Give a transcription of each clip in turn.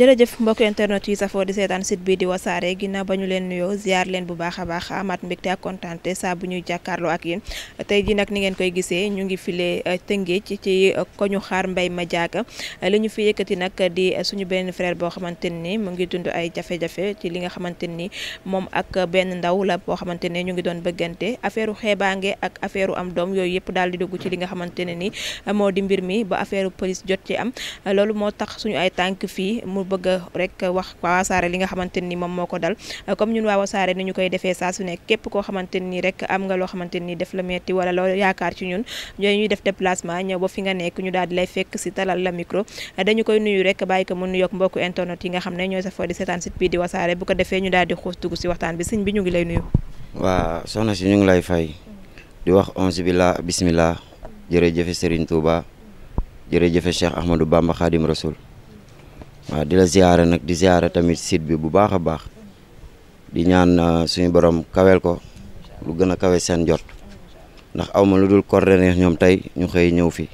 jërëjëf mbokk internet yi safoo di seetaan site bii di wasaare ginnaaw ba ñu leen nuyoo ziar leen bu baax a baax amaat mbégte ak kontante saa bu ñuy jàkkaarloo ak yéen tey ji nag ni ngeen koy gisee ñu ngi file eh, tëngéej ci eh, ko ñu xaar mbay ma jaaga eh, li ñu fi yëkkati nag di suñu benn frère boo xamante ni mu ngi dund ay jafe-jafe ci li nga xamante ni moom ak benn ndaw la boo xamante ne ñu ngi doon bëggante affaire xeebaange ak affaire am doom yooyu yëpp daal di dugg ci li nga xamante ne ni moo di mbir mi ba affaire police jot ci am loolu moo tax suñu ay tànk fii bëgg rek wax waa wasaare li nga xamante nii moom moo ko dal comme ñun waa wasaare ni ñu koy defee saa su nekk képp koo xamante ni rek am nga loo xamante ni def la metti wala loo yaakaar ci ñun ñooy ñuy def déplacement ñëw ba fi nga nekk ñu daal di lay fekk si talal la micro dañu koy nuyu rek bàyyi ko mu nuyoog mbokk internet yi nga xam ne ñooy safoo di seetaan site bii di wasaare bu ko defee ñu daal di xuus dugg si waxtaan bi sëñ bi ñu ngi lay nuyu waa soxna si ñu ngi lay fay di wax onze bi la bismillah jërëjëfe Serigne Touba jërëjëfe Cheikh Ahmadou Bamba Khadim Rasoul waa di la ziyaara nag di ziyaara tamit site bi bu baax a baax di ñaan uh, suñu boroom kaweel ko lu gën a kawe seen jot ndax awma lu dul coordonné ñoom tey ñu xëy ñëw fi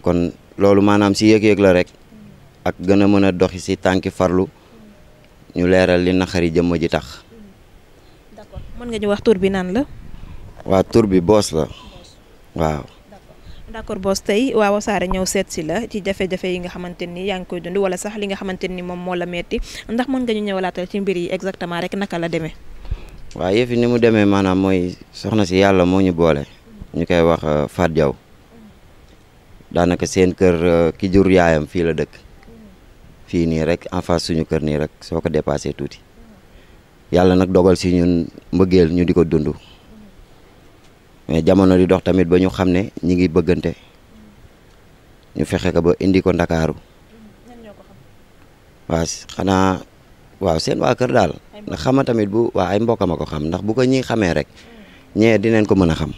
kon loolu maanaam si yëg-yëg la rek ak gën a mën a doxi si tànki farlu ñu leeral li naxari jëmm ji tax. mën nga ñu wax tur bi naan la. waa tur bi boos la waaw. d'accord boss tey waa wasaare ñëw seet si la ci jafe-jafe yi nga xamante ni yaa ngi koy dund wala sax li nga xamante ni moom moo la metti ndax mën nga ñu ñëwalaatal ci mbir yi exactement rek naka la demee waa yëf ni mu demee maanaam mooy soxna si yàlla moo ñu boole ñu koy wax euh, Fat Diaw daanaka seen kër euh, ki jur yaayam fii la dëkk fii nii rek en face suñu kër nii rek soo ko dépassé tuuti yàlla nag dogal si ñun mbëggeel ñu di ko dund mais jamono di dox tamit ba ñu xam ne ñi ngi bëggante ñu fexe ko ba indi ko ndakaaru waaw xanaa waaw seen waa kër daal ndax xama tamit bu waa ay mbokkam a ko xam ndax bu ko ñi xamee rek mm. ñee dinañ ko mën a xam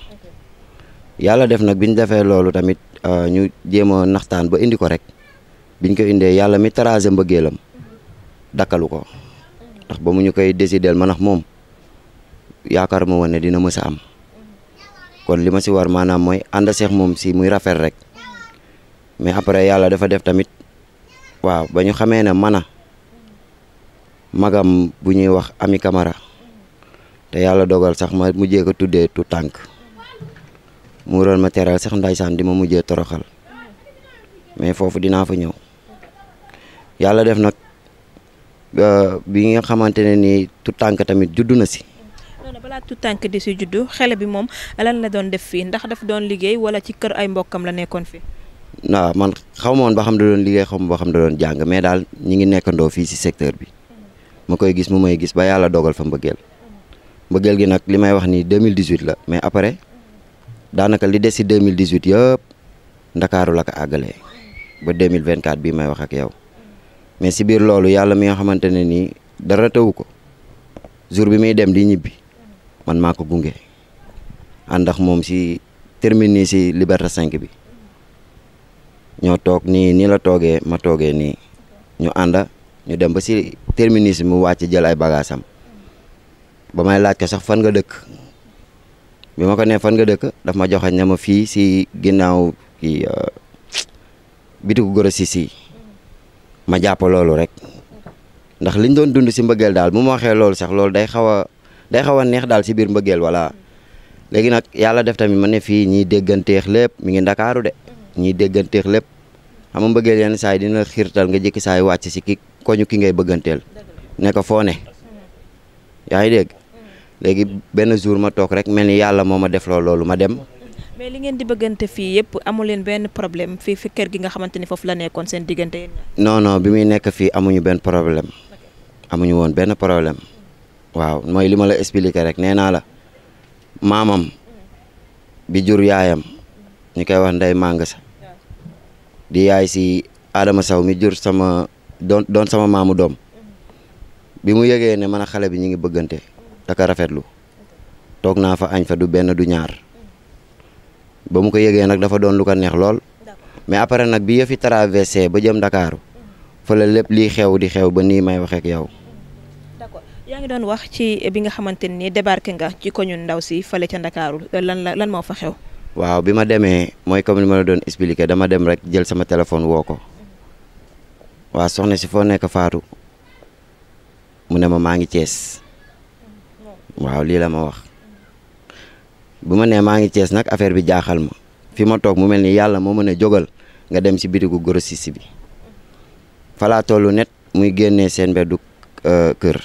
yàlla def nag bi ñu defee loolu tamit euh, ñu jéem a naxtaan ba indi ko rek biñ ko indee yàlla mi tracé mbëggeelam dakkalu ko mm. ndax ba ñu koy décidel ma nax moom yaakaar ma woon ne dina mës am kon li ma si war maanaam mooy ànd seex moom si muy rafet rek mais après yàlla dafa def tamit waaw ba ñu xamee ne mana magam bu ñuy wax ami camara te yàlla dogal sax ma mujjee ko tuddee tu tànk mu roon ma teral sax ndaysaan di ma mujjee toroxal mais foofu dinaa fa ñëw yàlla def nag euh, bi nga xamante ne nii tu tànk tamit juddu na si doona balaa tout tànk di si juddu xale bi moom lan na doon def fii ndax daf doon liggéey wala ci kër ay mbokkam la nekkoon fi waaw man xaw ma woon ba xam da doon liggéey xam ma ba xam da doon jàng mais daal ñi ngi nekkandoo fii si secteur bi ma koy gis mu may gis ba yàlla dogal fa mbëggeel mbëggeel gi nag li may wax ni 2018 la mais après daanaka li des si 2018 yëpp ndakaaru la ko àggalee ba 2024 bii may wax ak yow mais si biir loolu yàlla mi nga xamante ne nii dara tawu ko jour bi muy dem di ñibbi man maa ko gunge ànd moom si termini si Liberté 5 bi ñoo toog nii nii la toogee ma toogee nii ñu ànda ñu dem ba si termini si mu wàcc jël ay bagages ba may laaj ko sax fan nga dëkk bi ma ko nee fan nga dëkk daf ma joxañ ne ma fii si ginnaaw kii euh, bitigu goro si si ma jàpp loolu rek ndax liñ doon dund si mbëggeel daal bu ma waxee loolu sax loolu day xaw day xaw a neex daal si biir mbëggeel voilà léegi nag yàlla def tamit ma ne fii ñii dégganteex lépp mu ngi ndakaaru de ñiy dégganteex lépp xam nga mbëggeel yenn saa dina xiirtal nga jékki saa yi si ki koñu ki ngay bëgganteel ne ko foo ne yaa ngi dégg léegi benn jour ma toog rek mel ni yàlla moo ma def loolu ma dem. mais li ngeen di bëggante fii yëpp amu leen benn problème fii fi kër gi nga xamante ni foofu la nekkoon seen diggante yéen non non bi muy nekk fii amuñu benn problème amuñu woon benn problème. waaw mooy li ma la expliqué rek nee naa la maamam bi jur yaayam ñu koy wax nday màng sa di yaay si Adama Sow mi jur sama doon doon sama maamu doom bi mu yëgee ne man a xale bi ñu ngi bëggante daka rafetlu toog naa fa añ fa du benn du ñaar ba mu ko yëgee nag dafa doon lu ko neex lool mais après nag bi yëfi traversé ba jëm Ndakaaru fa la lépp lii xew di xew ba nii may waxeek yow yaa ngi doon wax ci bi nga xamante ni débarqué nga ci koñu ndaw si fale ca Ndakaaru lan la lan moo fa xew. waaw bi ma demee mooy comme ni ma la doon expliqué dama dem rek jël sama téléphone woo ko waaw soxna si foo nekk Faatu mu ne ma maa ngi Cees waaw lii la ma wax bu ma nee maa ngi Cees nag affaire bi jaaxal ma fi ma toog mu mel ni yàlla moo mën a jógal nga dem si bitigu grossiste bi falaa tollu net muy génnee seen beddu euh, kër.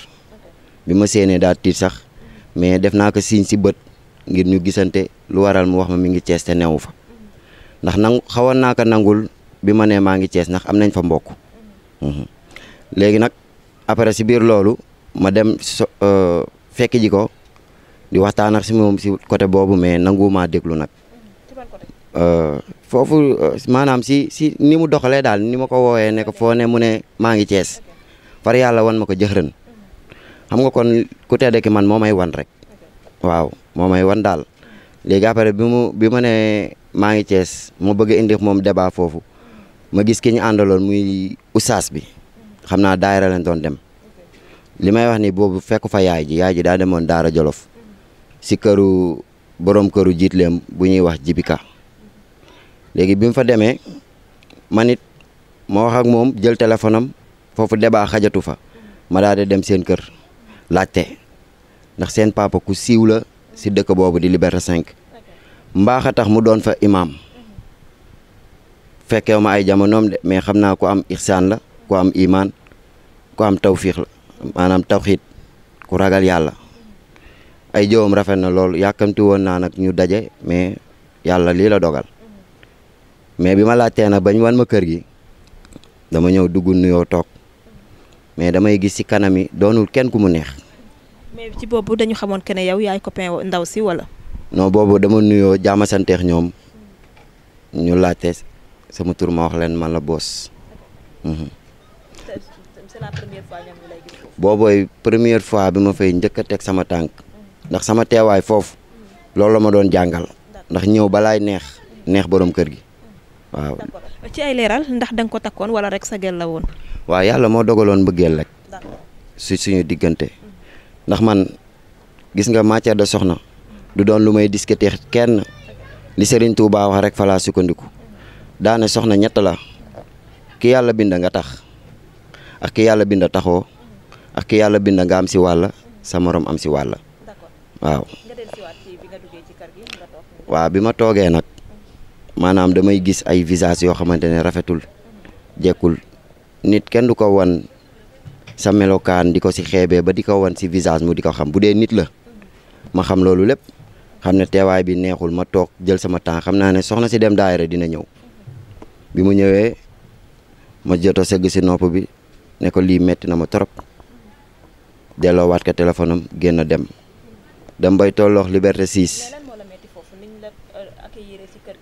bi ma séenee daa tiit sax mais def naa ko signe si bët ngir ñu gisante lu waral mu wax ma mi ngi cees te newu fa ndax nangu xawoon naa ko nangul bi ma nee maa ngi cees ndax am nañ fa mbokk mhm. léegi nag après si biir loolu ma dem so euh, fekk ji ko di waxtaan ak si moom si côté boobu mais maa déglu nag euh, foofu euh, maanaam si si ni mu doxalee daal ni ma ko woowee ne ko foo ne mu ne maa ngi cees far yàlla wan ma ko jëxërën xam nga kon ku tedd man moo may wan rek waaw moo may wan daal léegi après bi mu bi ma ne maa ngi Thiès ma bëgg a indi moom débat foofu ma gis ki ñu àndaloon muy oustaz bi xam naa daayira lañ doon dem li may wax ni boobu fekk fa yaay ji yaay ji daa demoon Daara Jolof si këru borom këru jiitleem bu ñuy wax jibika léegi bi fa demee ma it ma wax ak moom jël téléphone am foofu debaa xajatu fa ma daal di dem seen kër laajte ndax seen papa ku siiw la si dëkk boobu di Liberté 5 mbaax a tax mu doon fa imaam fekkew ma ay jamonoom de mais xam naa ku am ihsaan la ku am imaan ku am tawfiix la maanaam tawxiit ku ragal yàlla ay jëwam rafet na loolu yàkkamti woon naa nag ñu daje mais yàlla lii la dogal mais bi ma laajtee na bañ wan ma kër gi dama ñëw dugg nuyoo toog mais damay gis ci kanam yi doonul kenn ku mu neex. mais ci boobu dañu xamoon que ne yow yaay copain ndaw si wala. noo boobu dama nuyoo jaama santeex ñoom ñu laajte sama tur ma wax leen man la boos. Mhm. c'est première fois ñoom boobooy première fois bi ma fay njëkk a teg sama tànk. ndax sama teewaay foofu. loolu la ma doon jàngal. ndax ñëw balaay neex. neex boroom kër gi. waaw ci ay leeral ndax danga ko takkoon wala rek sa gel la woon. waaw yàlla moo dogaloon bëggeel rek. si suñu diggante. ndax man gis nga matière de soxna. du doon lu may discuter kenn. li Serigne Touba wax rek fa laa sukkandiku. daane soxna ñett la. ki yàlla bind nga tax. ak ki yàlla bind taxoo. ak ki yàlla bind nga am si wàlla sa moroom am si wàlla waaw. waaw bi ma toogee nag. maanaam damay gis ay visage yoo xamante ne rafetul jekkul nit kenn du ko wan sa melokaan di ko si xeebee ba di ko wan si visage mu di ko xam bu dee nit la ma xam loolu lépp xam ne teewaay bi neexul ma toog jël sama temps xam naa ne soxna si dem daayira dina ñëw bi mu ñëwee ma joto segg si nopp bi ne ko lii metti na ma trop delloowaat ko téléphone am génn dem dem bay tolloox liberté 6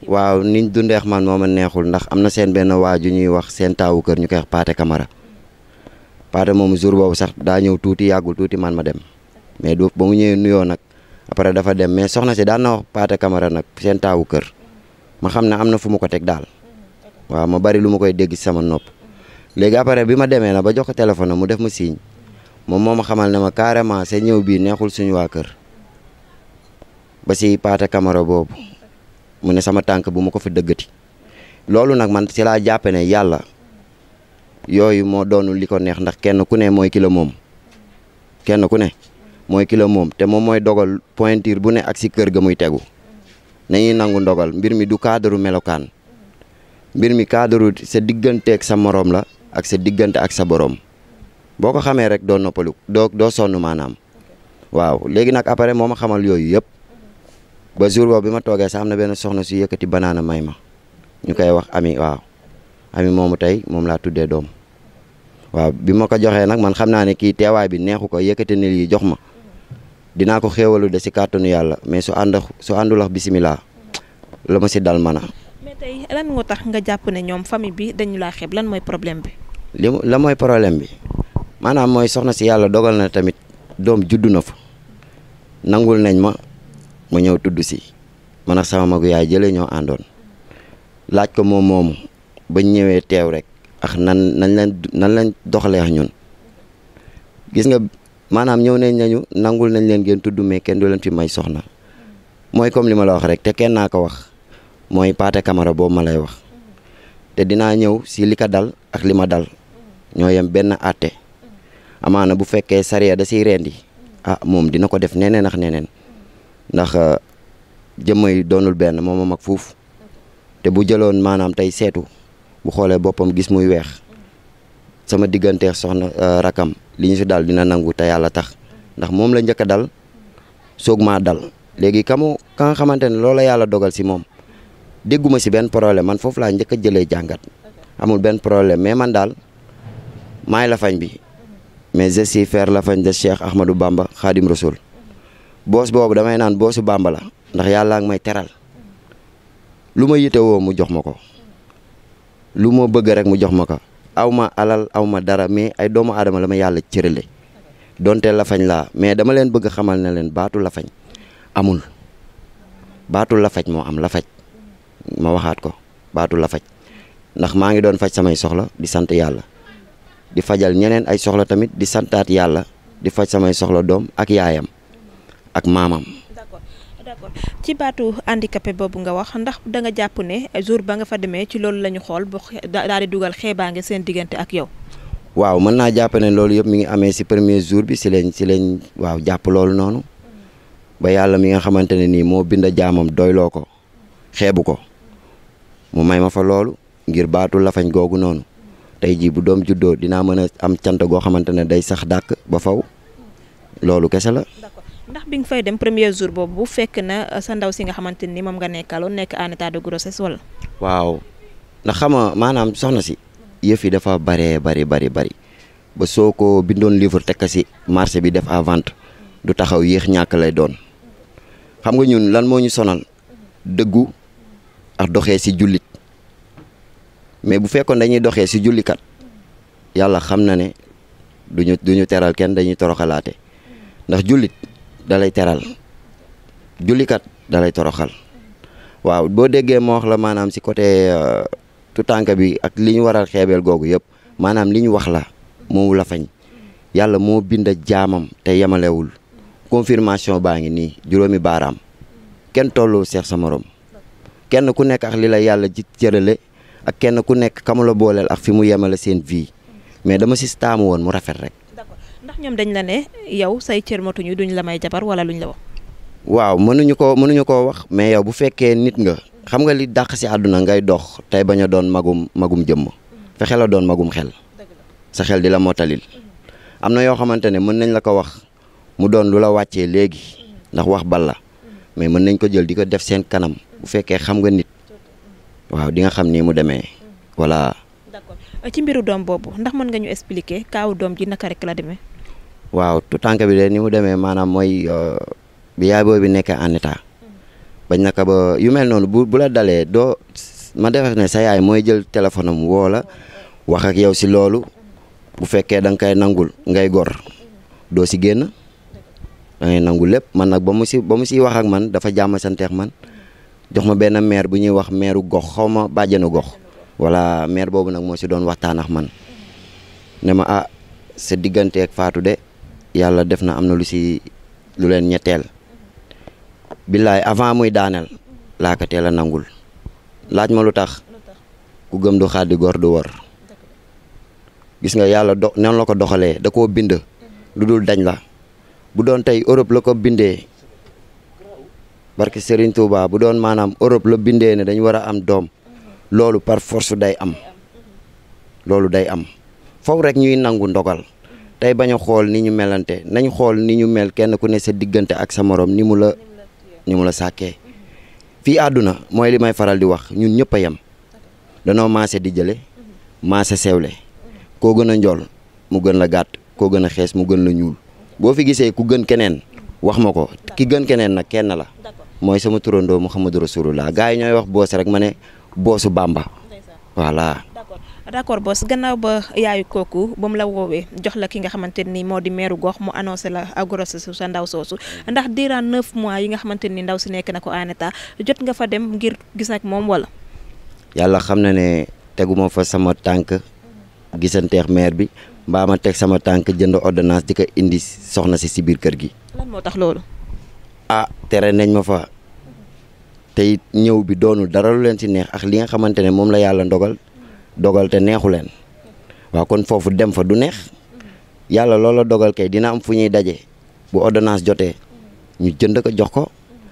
waaw niñ dundeex man moo ma neexul ndax am na seen benn waa ju ñuy wax seen taawu kër ñu koy wax Paate kamara Paate moom jour boobu sax daa ñëw tuuti yàggul tuuti man ma dem mais du ba mu ñëwee nuyoo nag après dafa dem mais soxna si daan na Paate Camara nag seen taawu kër ma xam ne am na fu ma ko teg daal waaw ma bari lu ma koy dégg sama nopp léegi après bi ma demee nag ba jox ko téléphone mu def ma signe moom moo ma xamal ne ma carrément sa ñëw bii neexul suñu waa kër ba si Paate kamara boobu mu ne sama tànk bu ma ko fi dëggati loolu nag man ci laa jàppe ne yàlla yooyu moo doonul li ko neex ndax kenn ku ne mooy kilo moom kenn ku ne mooy kilo moom te moom mooy dogal pointure bu ne ak si kër ga muy tegu nañuy nangu ndogal mbir mi du cadre melokaan mbir mi cadre sa diggante ak sa moroom la ak sa diggante ak sa boroom boo ko xamee rek doo noppalu doo doo sonn maanaam waaw léegi nag après moo ma xamal yooyu yëpp ba jour boobu bi ma toogee sa am na benn soxna su yëkkati banaana may ma ñu koy wax ami waaw ami moomu tey moom laa tuddee doom waaw bi ma ko joxee nag man xam naa ne kii teewaay bi neexu ko yëkkati ne lii jox ma dinaa ko xéewalu de si kàttanu yàlla mais su ànd su àndul ak bisimilah la ma si dal mën a. moo tax nga jàpp ne ñoom famille bi dañu laa xeeb lan mooy problème bi. li la mooy problème bi maanaam mooy soxna si yàlla dogal na tamit doom juddu na fa nangul nañ ma ma ñëw tudd si man ak sama magu yaay jëlee ñoo àndoon laaj ko moom moomu bañ ñëwee teew rek ak nan nañ leen nan leen doxalee ak ñun gis nga maanaam ñëw nañ nañu nangul nañ leen ngeen tudd mais kenn du leen fi may soxna mooy comme li ma la wax rek te kenn naa ko wax mooy paate Camara boobu ma lay wax te dinaa ñëw si li ko dal ak li ma dal ñoo yem benn àtte amaana bu fekkee sariya da si rendi ah moom dina ko def neneen ak neneen ndax euh, jëmma yi doonul benn moom a fuuf te bu jëloon maanaam tey seetu bu xoolee boppam gis muy weex sama diggantee soxna euh, rakam li ñu si dal dina nangu te yàlla tax ndax moom la njëkk a dal soog maa dal léegi kamu ka nga xamante ne loolu yàlla dogal si moom dégguma si benn problème man foofu laa njëkk a jëlee jàngat amul benn problème mais man daal maay la fañ bi mhm. mais je suis faire la fañ de Cheikh Ahmadou Bamba Khadim Rasoul boos boobu damay naan boosu Bàmba la ndax yàlla ak may teral lu ma yitewoo mu jox ma ko lu ma bëgg rek mu jox ma ko aw ma alal aw ma dara mais ay doomu aadama la ma yàlla cërale donte fañ laa mais dama leen bëgg xamal ne leen baatu fañ amul baatu la faj moo am la faj ma waxaat ko baatu la faj ndax maa ngi doon faj samay soxla di sant yàlla di fajal ñeneen ay soxla tamit di santaat yàlla di faj samay soxla doom ak yaayam ak maamam. ci baatu indi handicapé boobu nga wax ndax danga jàpp ne jour ba nga fa demee ci loolu la ñu xool ba daal di dugal xeebaange seen diggante ak yow. waaw mën naa jàpp ne loolu yëpp mu ngi amee si premier jour bi si leen si lañ waaw jàpp loolu noonu ba yàlla mi nga xamante ne nii moo bind jaamam doyloo ko xeebu ko mu may ma fa loolu ngir baatu lafañ googu noonu tey jii bu doom juddoo dinaa mën a am cant goo xamante ne day sax dàq ba faw loolu ndax bi nga fay dem premier jour boobu bu fekk na sa ndaw si nga xamante nii moom nga nekkaloon nekk en état de grossesse wala. waaw ndax xama maanaam soxna si yëf yi dafa bëree bari bari ba soo ko bindoon livre tekka si marché bi def à vente du taxaw yéex ñàkk lay doon xam nga ñun lan moo ñu sonal dëggu ak doxee si jullit mais bu fekkoon dañuy doxee si jullikat yàlla xam na ne duñu duñu teral kenn dañuy toroxalaate ndax jullit dalay teral jullikat dalay toroxal waaw boo déggee moo wax la maanaam si côté euh, tu tànk bi ak li ñu waral xeebeel googu yëpp maanaam li ñu wax la moomu la fañ yàlla moo bind jaamam te yemalewul confirmation baa ngi nii juróomi baaraam kenn tollu seex sa morom kenn ku nekk ak li la yàlla ji jërale ak kenn ku nekk kamu booleel ak fi mu yemale seen vie mais dama si taamu woon mu rafet rek ndax ñoom dañu la ne yow say cër matuñu duñ la may jabar wala luñ la wax. waaw mënuñu ko mënuñu koo wax mais yow bu fekkee nit nga xam nga li dàq si àdduna ngay dox tey bañ a doon magum magum jëmm fexe la doon magum xel sa xel di la motalil mm-hmm. am na yoo xamante ne mën nañ la ko wax mu doon lu la wàccee léegi mm-hmm. ndax wax bal la mm-hmm. mais mën nañ ko jël di ko def seen kanam bu fekkee xam nga nit waaw di nga xam ni mu demee voilà. ci mbiru doom boobu ndax mën nga ñu expliquer kaaw doom ji naka rek la demee. waaw tu tànk bi de ni mu demee maanaam mooy euh, bi yaay booy bi nekkee en état bañ naka ba yu mel noonu bu bu la dalee doo ma defee ne sa yaay mooy jël téléphone am woo la wax ak yow si loolu bu fekkee danga nga koy nangul ngay gor doo si génn da ngay nangu lépp man nag ba mu si ba mu siy wax ak man dafa jàmm santeex man jox ma benn maire bu ñuy wax meeru gox xaw ma bàjjenu gox voilà meer boobu nag moo si doon waxtaan ak man ne ma ah sa digganteeg faatu de. yàlla def na am na lu si lu leen ñetteel billaay avant muy daaneel laa ko teel a nangul laaj ma lu tax ku gëm du xaddi góor du war gis nga yàlla do nan la ko doxalee da ko bind lu dul dañ la bu doon tey Europe la ko bindee barke Serigne Touba bu doon maanaam Europe la bindee ne dañu war a am doom loolu par force day am loolu day am faw rek ñuy nangu ndogal tey bañ a xool ni ñu melante nañu xool ni ñu mel kenn ku ne sa diggante ak sa morom ni mu la ni mu la sàkkee fii àdduna mooy li may faral di wax ñun ñëpp a yem danoo maase di jële maase sewle koo gën a njool mu gën la gàtt koo gën a xees mu gën la ñuul boo fi gisee ku gën keneen wax ma ko ki gën keneen na kenn la mooy sama turandoo Muhammadu Rasulullah gars yi ñooy wax boos rek ma ne boosu Bàmba voilà d'accord boss gannaaw ba yaayu kooku ba mu la woowee jox la ki nga xamante ni moo di meeru gox mu annoncé la grossesse sa ndaw soosu mm. ndax durant neuf mois yi nga xamante ni ndaw si nekk na ko en état jot nga fa dem ngir gis moom wala. yàlla xam na ne teguma fa sama tànk gisanteex maire bi mbaa teg sama tànk jënd ordonnance di ko soxna si si biir kër gi. lan moo ah, nañ ma fa. te it ñëw bi doonul dara leen si neex ak li nga xamante ne moom la yàlla ndogal dogal te neexu leen waaw kon foofu dem fa du neex yàlla loola dogal kay dina am fu ñuy daje bu ordonnance jotee ñu jënd ko jox ko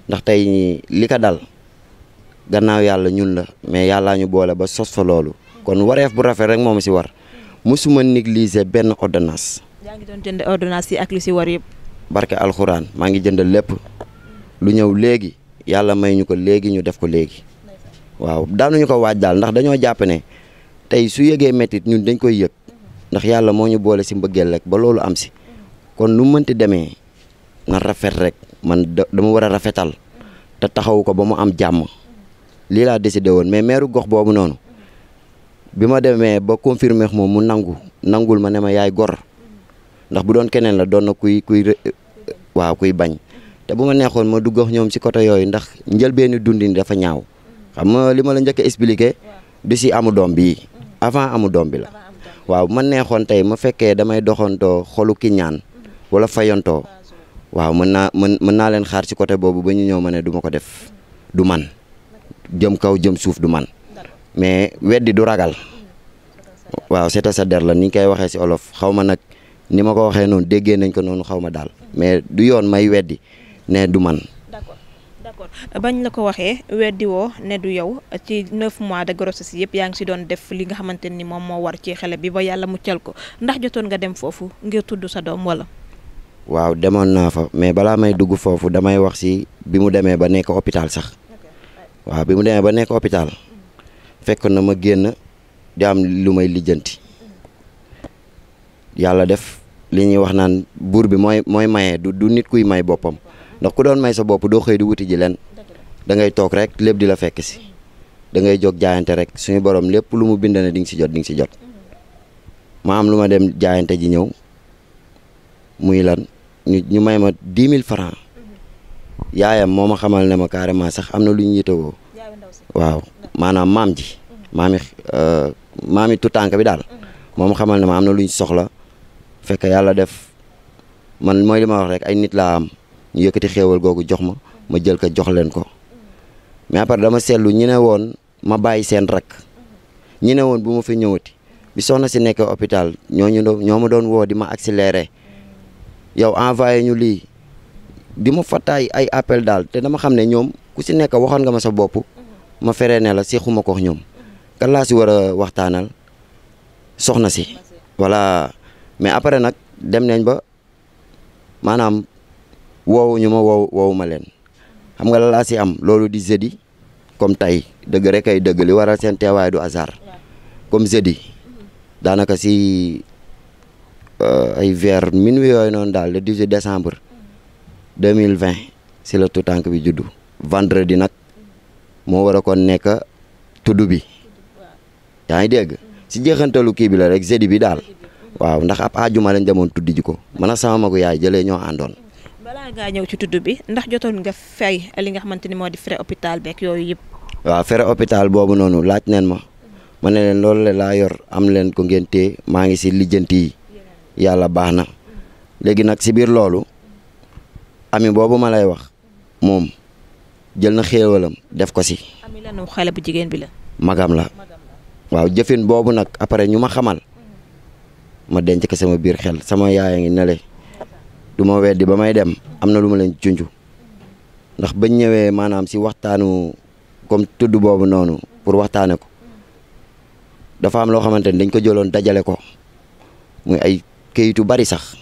ndax tey li ko dal gannaaw yàlla ñun la mais yàllaa ñu boole ba sos fa loolu kon wareef bu rafet rek moom si war musuma négliger benn ordonnance. yaa ngi doon jënd yi ak lu si war yëpp. barke alxuraan maa ngi jënd lépp lu ñëw léegi yàlla may ñu ko léegi ñu def ko léegi waaw daanuñu ko waaj daal ndax dañoo jàpp tey su yëgee métit ñun dañ koy yëg ndax yàlla moo ñu boole si mbëggeel rek ba loolu am si kon nu mënti demee na rafet rek man dama war a rafetal te taxawu ko ba mu am jàmm lii laa décidé woon mais meeru gox boobu noonu bi ma demee ba confirmer moom mu nangu nangul ma ne ma yaay gor ndax bu doon keneen la doon na kuy kuy waaw kuy bañ te bu ma neexoon ma dugg ñoom si côté yooyu ndax njëlbeenu dundin dafa ñaaw xam nga li ma la njëkk a avant amu doom bi la waaw man neexoon tey ma fekkee damay doxantoo xolu ki ñaan wala fayantoo waaw mën naa mën mën naa leen xaar si côté boobu ba ñu ñëw ma ne du ma ko def du man jëm kaw jëm suuf du man mais weddi du ragal waaw seetal sa der la ni ñu koy waxee si olof xaw ma nag ni ma ko waxee noonu déggee nañ ko noonu xaw ma daal mais du yoon may weddi ne du man bañ la ko waxee weddi woo ne du yow ci neuf mois de grossesse yëpp yaa ngi si doon def li nga xamante ni moom moo war ci xale bi ba yàlla muccal ko ndax jotoon nga dem foofu ngir tudd sa doom wala. waaw demoon naa fa mais balaa may dugg foofu damay wax si bi mu demee ba nekk hôpital sax waaw bi mu demee ba nekk hôpital fekk na ma génn di am lu may lijjanti yàlla def li ñuy wax naan buur bi mooy mooy maye du du nit kuy may boppam. ndax ku doon may sa bopp doo xëy di wuti ji leen da toog rek lépp di la fekk si da ngay jóg jaayante rek suñu borom lépp lu mu bind ne di nga si jot di nga si jot maa am lu ma dem jaayante ji ñëw muy lan ñu ñu may ma di mille francs yaayam moo ma xamal ne ma carrément sax am na lu ñu yitewoo waaw maanaam maam ji maami euh, maami tutànk bi daal moom xamal ne ma am na lu ñu soxla fekk yàlla def man mooy li ma wax rek ay nit laa am ñu yëkkati xéewal googu jox ma ma jël ko jox leen ko mais après dama seetlu ñu ne woon ma bàyyi seen rakk ñu ne woon bu ma fi ñëwati bi soxna si nekkee hôpital ñooñu ñoo ma doon woo di ma accéléré yow envoyé ñu lii bi ma fattaay ay appel daal te dama xam ne ñoom ku si nekk waxoon nga ma sa bopp ma feree ne la seexuma ko ñoom kan laa si war a waxtaanal soxna si voilà mais après nag dem nañ ba maanaam woowuñu ma woow woowu leen xam nga la laa si am loolu di jeudi comme tey dëgg rek ay dëgg li waral seen teewaay du hasard comme jeudi daanaka si euh, ay vers minuit yooyu noonu daal le 18 décembre 2020 si la tuutànk bi juddu vendredi nag moo wara kon nekk tuddu bi yaa ngi dégg si jeexantalu kii bi la rek jeudi bi daal waaw ndax ab aajuma lañ demoon tuddi ji ko man a sama magu yaay jëlee ñoo àndoon balaa ngaa ci tudd bi ndax jotoon nga fay li nga xamante ni moo di frais hôpital beeg yooyu yëpp. waaw frais hôpital boobu noonu laaj neen ma ma ne leen loolu la laa yor am leen ko ngeen maa ngi si lijjanti yi yàlla baax na léegi nag si biir loolu ami boobu ma lay wax moom jël na xéewalam def ko si. ami lan bi la. magam la waaw jëfin boobu nag après ñu ma xamal ma denc ko sama biir xel sama yaay a ngi nele du ma weddi ba may dem am na lu ma leen junj ndax bañ ñëwee maanaam si waxtaanu comme tudd boobu noonu pour waxtaane ko dafa am loo xamante ni dañ ko jëloon dajale ko muy ay kayitu bari sax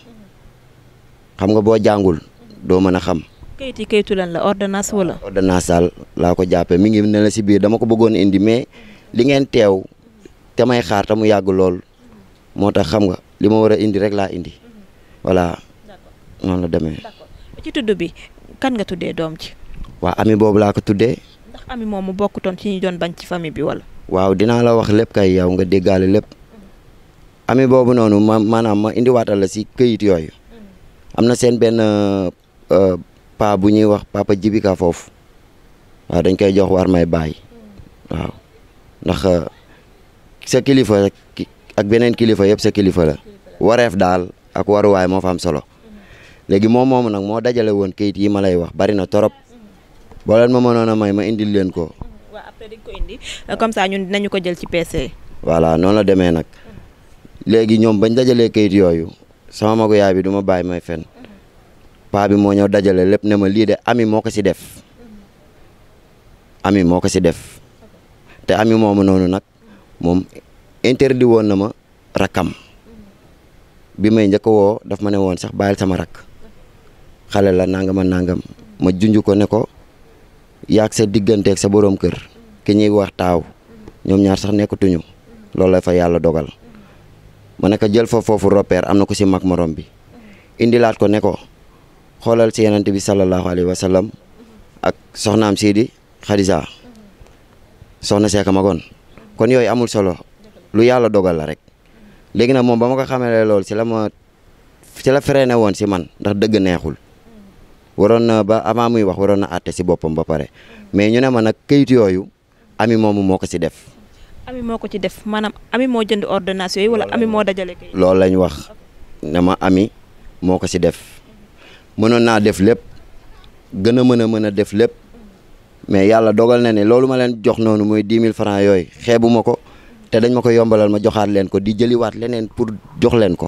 xam nga boo jàngul doo mën a xam. kayit kayitu lan la ordonnance wala. ordonnance laa ko jàppee mi ngi ne si biir dama ko bëggoon indi mais li ngeen teew te may xaar te mu yàgg lool moo tax xam nga li ma war a indi rek laa indi voilà. noonu la demee. ci tudd bi kan nga tuddee doom ci waa ami boobu laa ko tuddee. ndax ami moom mu bokkutoon ci ñu doon bañ ci famille bi wala. waaw dinaa la wax lépp kay yow nga déggaale lépp. ami boobu noonu ma maanaam ma indiwaatal la si kayit yooyu. Mm. am na seen benn euh, pa bu ñuy wax papa jibika foofu waaw dañ koy jox war may bàyyi mm. waaw ndax euh, sa kilifa ak beneen kilifa yëpp sa kilifa la wareef daal ak waruwaay moo fa am solo léegi moom moomu nag moo dajale woon kayit yi ma lay wax bari na torop boo leen ma mënoon a may ma indil leen ko. waaw après dañ comme ça ñun dinañu ko jël ci PC. voilà noonu la demee nag léegi ñoom bañ dajalee kayit yooyu sama magu yaay bi duma ma bàyyi may fen paa bi moo ñëw dajale lépp ne ma lii de ami moo ko si def ami moo ko ci def te ami moomu noonu nag moom interdit woon na ma rakkam bi may njëkk woo daf ma ne woon sax bàyyil sama rakk xale la nangama nangam ma junju ko ne ko yaag sa digganteeg sa boroom kër ki ñuy wax taaw ñoom ñaar sax nekkatuñu loolu la fa yàlla dogal ma ne jël fa foofu repère am na ko si mag moroom bi indilaat ko ne ko xoolal si yenent bi sallallahu alayhi wa sallam ak soxnaam sii di Xadija soxna seeka magoon kon yooyu amul solo lu yàlla dogal la rek léegi nag moom ba ma ko xamalee loolu si la ma si la freiné woon si man ndax dëgg neexul waroon na ba avant muy wax waroon na àtte si boppam ba pare mais ñu ne ma nag kayit yooyu ami moomu moo ko si def. ami moo ko ci def maanaam ami moo jënd ordonnance yi wala ami moo dajale kayit. loolu lañ wax ne ma ami moo ko si def mënoon naa def lépp gën a mën a mën a def lépp mais yàlla dogal na ne loolu ma leen jox noonu mooy dix mille francs yooyu xeebuma ko te dañ ma ko yombalal ma joxaat leen ko di jëliwaat leneen pour jox leen ko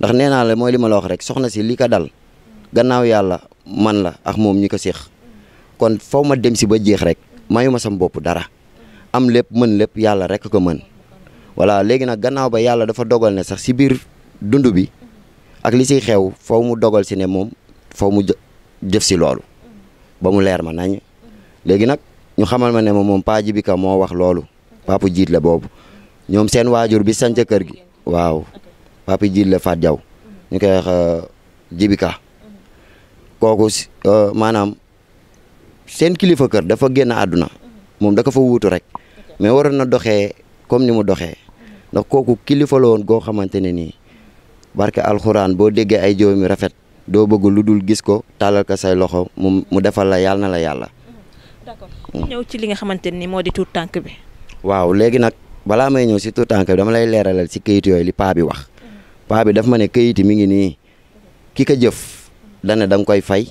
ndax nee naa la mooy li ma la wax rek soxna si li ko dal. gannaaw yàlla man la ak moom ñi ko séex kon faw ma dem si ba jeex rek mayu ma sam bopp dara am lépp mën lépp yàlla rek ko mën voilà léegi nag gannaaw ba yàlla dafa dogal ne sax si biir dund bi ak li si xew faw mu dogal si ne moom faw mu jëf si loolu ba mu leer ma nañ léegi nag ñu xamal ma ne moom moom paa Jibi Ka moo wax loolu papa jiit la boobu ñoom seen waajur bi sanc kër gi waaw papa jiit la Fat Diaw ñu koy wax euh, Jibi kooku euh, maanaam seen kilifa kër dafa génn àdduna moom da ko fa wuutu rek mais waroon na doxee comme ni mu doxee ndax kooku kilifa la woon goo xamante ne nii barke alxuraan boo déggee ay jëw mi rafet doo bëgg lu dul gis ko tàllal ko say loxo mu mu defal la yàlla na la yàlla. Mm-hmm. d'accord ñëw ci li nga xamante nii moo di tuut tànk bi. waaw léegi nag balaa may ñëw si tuut tànk bi dama lay leeralal si kayit yooyu li paa bi wax mm-hmm. paa bi ma ne kayit yi ngi nii ki ko jëf. dane da nga koy fay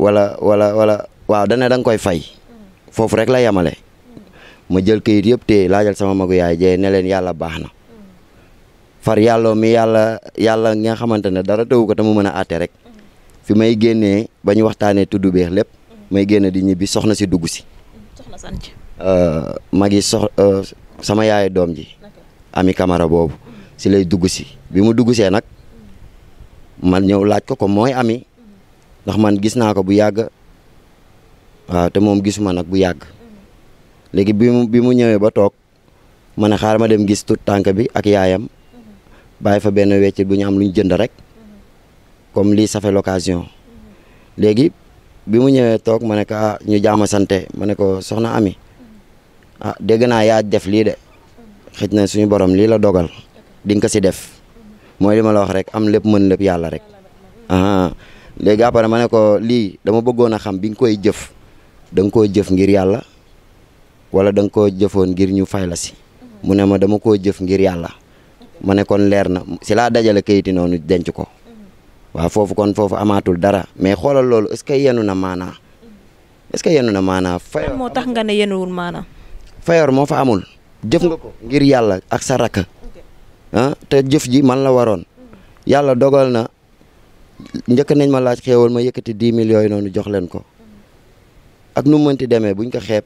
wala walla wala waaw dana da nga koy fay foofu rek la yemale ma jël kayit yëpp te laajal sama magu yaay jee ne leen yàlla baax na far yàlla mi yàlla yàlla nga xamante ne dara tëwu ko te mu mën a àtte rek fi may génnee ba ñu waxtaanee tudd beex lépp may génne di ñibbi soxna si dugg si. soxna sant. Euh, magi sox euh, sama yaay doom ji. ami camara boobu si lay dugg si bi mu dugg see nag. man ñëw laaj ko ko mooy ami ndax man gis naa ko bu yàgg waaw te moom gisuma nag bu yàgg léegi bi mu bi mu ñëwee ba toog ma ne xaar ma dem gis tut tànk bi ak yaayam bàyyi fa benn weccit bu ñu am lu jënd rek comme lii ça fait léegi bi mu ñëwee toog ma ne ko ah, ñu jaama sante ma ne ko soxna ami a ah, dégg naa yaa def lii de xëj na suñu borom lii la dogal di ko si def mooy li ma la wax rek am lépp mën lépp yàlla rek ah léegi après ma ne ko lii dama bëggoon a xam bi nga koy jëf da nga koo jëf ngir yàlla wala danga nga koo jëfoon ngir ñu fay la si mu ne ma dama ko jëf ngir yàlla ma ne leer na si laa dajale kayiti noonu denc ko waaw foofu kon foofu amaatul dara mais xoolal loolu est-ce que yenu na maanaa est que yenu na maanaa moo tax nga ne yenuwul maanaa fayoor moo fa amul jëf nga ko ngir yàlla ak sa rakk Ah, te jëf ji man la waroon yàlla dogal na njëkk nañ ma laaj xéewal ma yëkkati dix mille yooyu noonu jox leen ko ak nu mënti demee buñ ko xeeb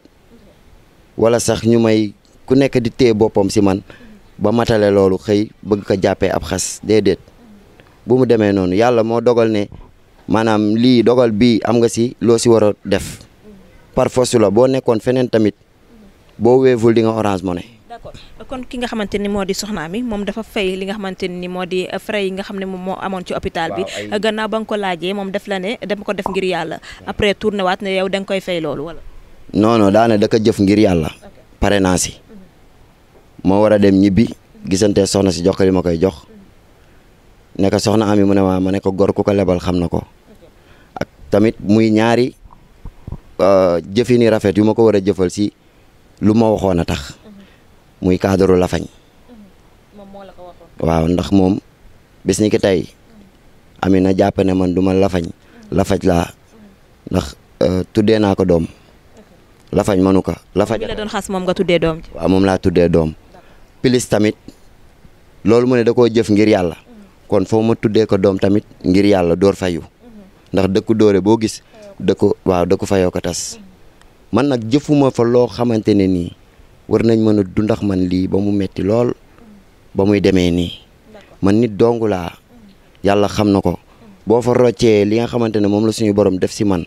wala sax ñu may ku nekk di téye boppam si man ba matale loolu xëy bëgg ko jàppee ab xas déedéet bu mu demee noonu yàlla moo dogal ne maanaam lii dogal bii am nga si loo si war def par force la boo nekkoon feneen tamit boo weeful di nga Orange Money d'accord kon ki nga xamante ni moo di soxna mi moom dafa fay li nga xamante ni moo di frais yi nga xam ne moom moo amoon ci hôpital bi gannaaw ba nga ko laajee moom def la ne dama ko def ngir yàlla hmm. après tourné waat ne yow da nga koy fay loolu wala non non da ko jëf ngir yàlla pare naa si hmm. moo war a dem ñibbi hmm. gisante soxna si jox ko li ma koy jox ne soxna ami mu ne ma ma ne ko gor ku ko lebal xam na ko tamit muy ñaari euh, jëfini rafet yu ma ko war a jëfal si lu ma waxoon a muy cadre mm-hmm. la fañ waaw ndax moom bis ni ki tey mm-hmm. Amina jàpp ne man du ma lafañ mm-hmm. lafaj laa ndax euh, tuddee naa ko doom lafañ manu ko lafañ la doon moom nga tuddee doom moom laa tuddee doom pilis tamit loolu mu ne da koo jëf ngir yàlla kon foo ma tuddee ko doom tamit ngir yàlla door fayu ndax dëkku dóore boo gis dëkku waaw dëkku fayoo ko tas man nag jëfuma fa loo xamante nii war nañ mën a du ndax man lii ba mu metti lool ba muy demee nii man nit dongu laa yàlla xam na ko boo fa roccee li nga xamante ne moom la suñu borom def si man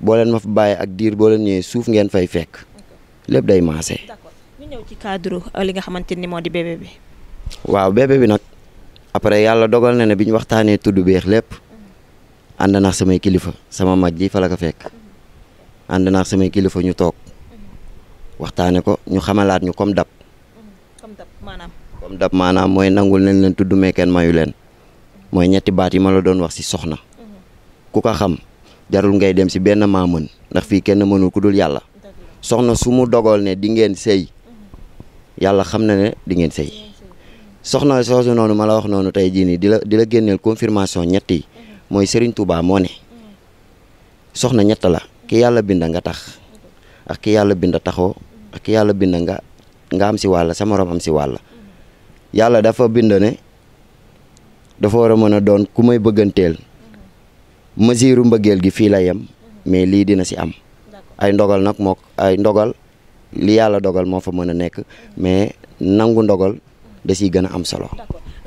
boo leen ma fa bàyyi ak diir boo leen ñëwee suuf ngeen fay fekk lépp day maase. d'accord ci cadre euh, li nga xamante ni moo di bébé bi. waaw bébé bi nag après yàlla dogal na ne bi ñu waxtaanee tudd beex lépp ànd naax samay kilifa sama mag ji fa la ko fekk mm-hmm. ànd naa samay kilifa ñu toog. waxtaane ko ñu xamalaat ñu comme dab. comme dab maanaam. mooy nangul nañ leen tudd mais kenn mayu leen mooy ñetti baat yi ma la doon wax si soxna mhm. ku ko xam jarul ngay dem si benn maa mën ndax fii kenn mënul ku dul yàlla soxna su mu dogal ne di ngeen sëy mhm. yàlla xam na ne di ngeen sëy mhm. soxna soosu noonu ma la wax noonu tey jii nii di la di la génneel confirmation ñett mooy sëriñ Touba moo ne soxna ñett la ki yàlla binda nga tax ak ki yàlla binda taxoo. yàlla bind nga nga am si wàll sa morom am si wàll yàlla dafa bind ne dafa war a mën a doon ku may bëgganteel mesure mbëggeel gi fii la yem mais lii dina si am ay ndogal nag mook ay ndogal lii yàlla dogal moo fa mën a nekk mais nangu ndogal da siy gën a am solo.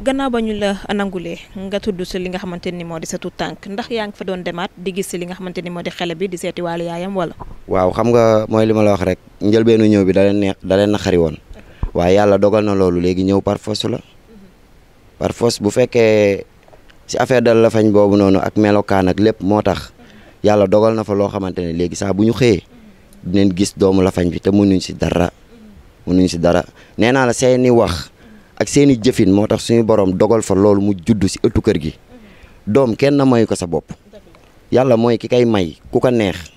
gannaaw ba ñu la nangulee nga tudd si li nga xamante ni moo di sa tout tànk ndax yaa ngi fa doon demaat di gis si li nga xamante ni moo di xale bi di seeti wàllu yaayam wala. waaw xam nga mooy li ma la wax rek njëlbeenu ñëw bi da leen neex da leen na xari woon waaye yàlla dogal na loolu léegi ñëw par force la par force bu fekkee si affaire dal la fañ boobu noonu ak melokaan ak lépp moo tax yàlla dogal na fa loo xamante ne léegi saa bu ñu xëyee dinañ gis doomu la fañ bi te mënuñ si si dara ak seeni jëfin moo tax suñu borom dogal fa loolu mu judd si ëttu kër gi doom kenn mayu ko sa bopp yàlla mooy ki kay may ku ko neex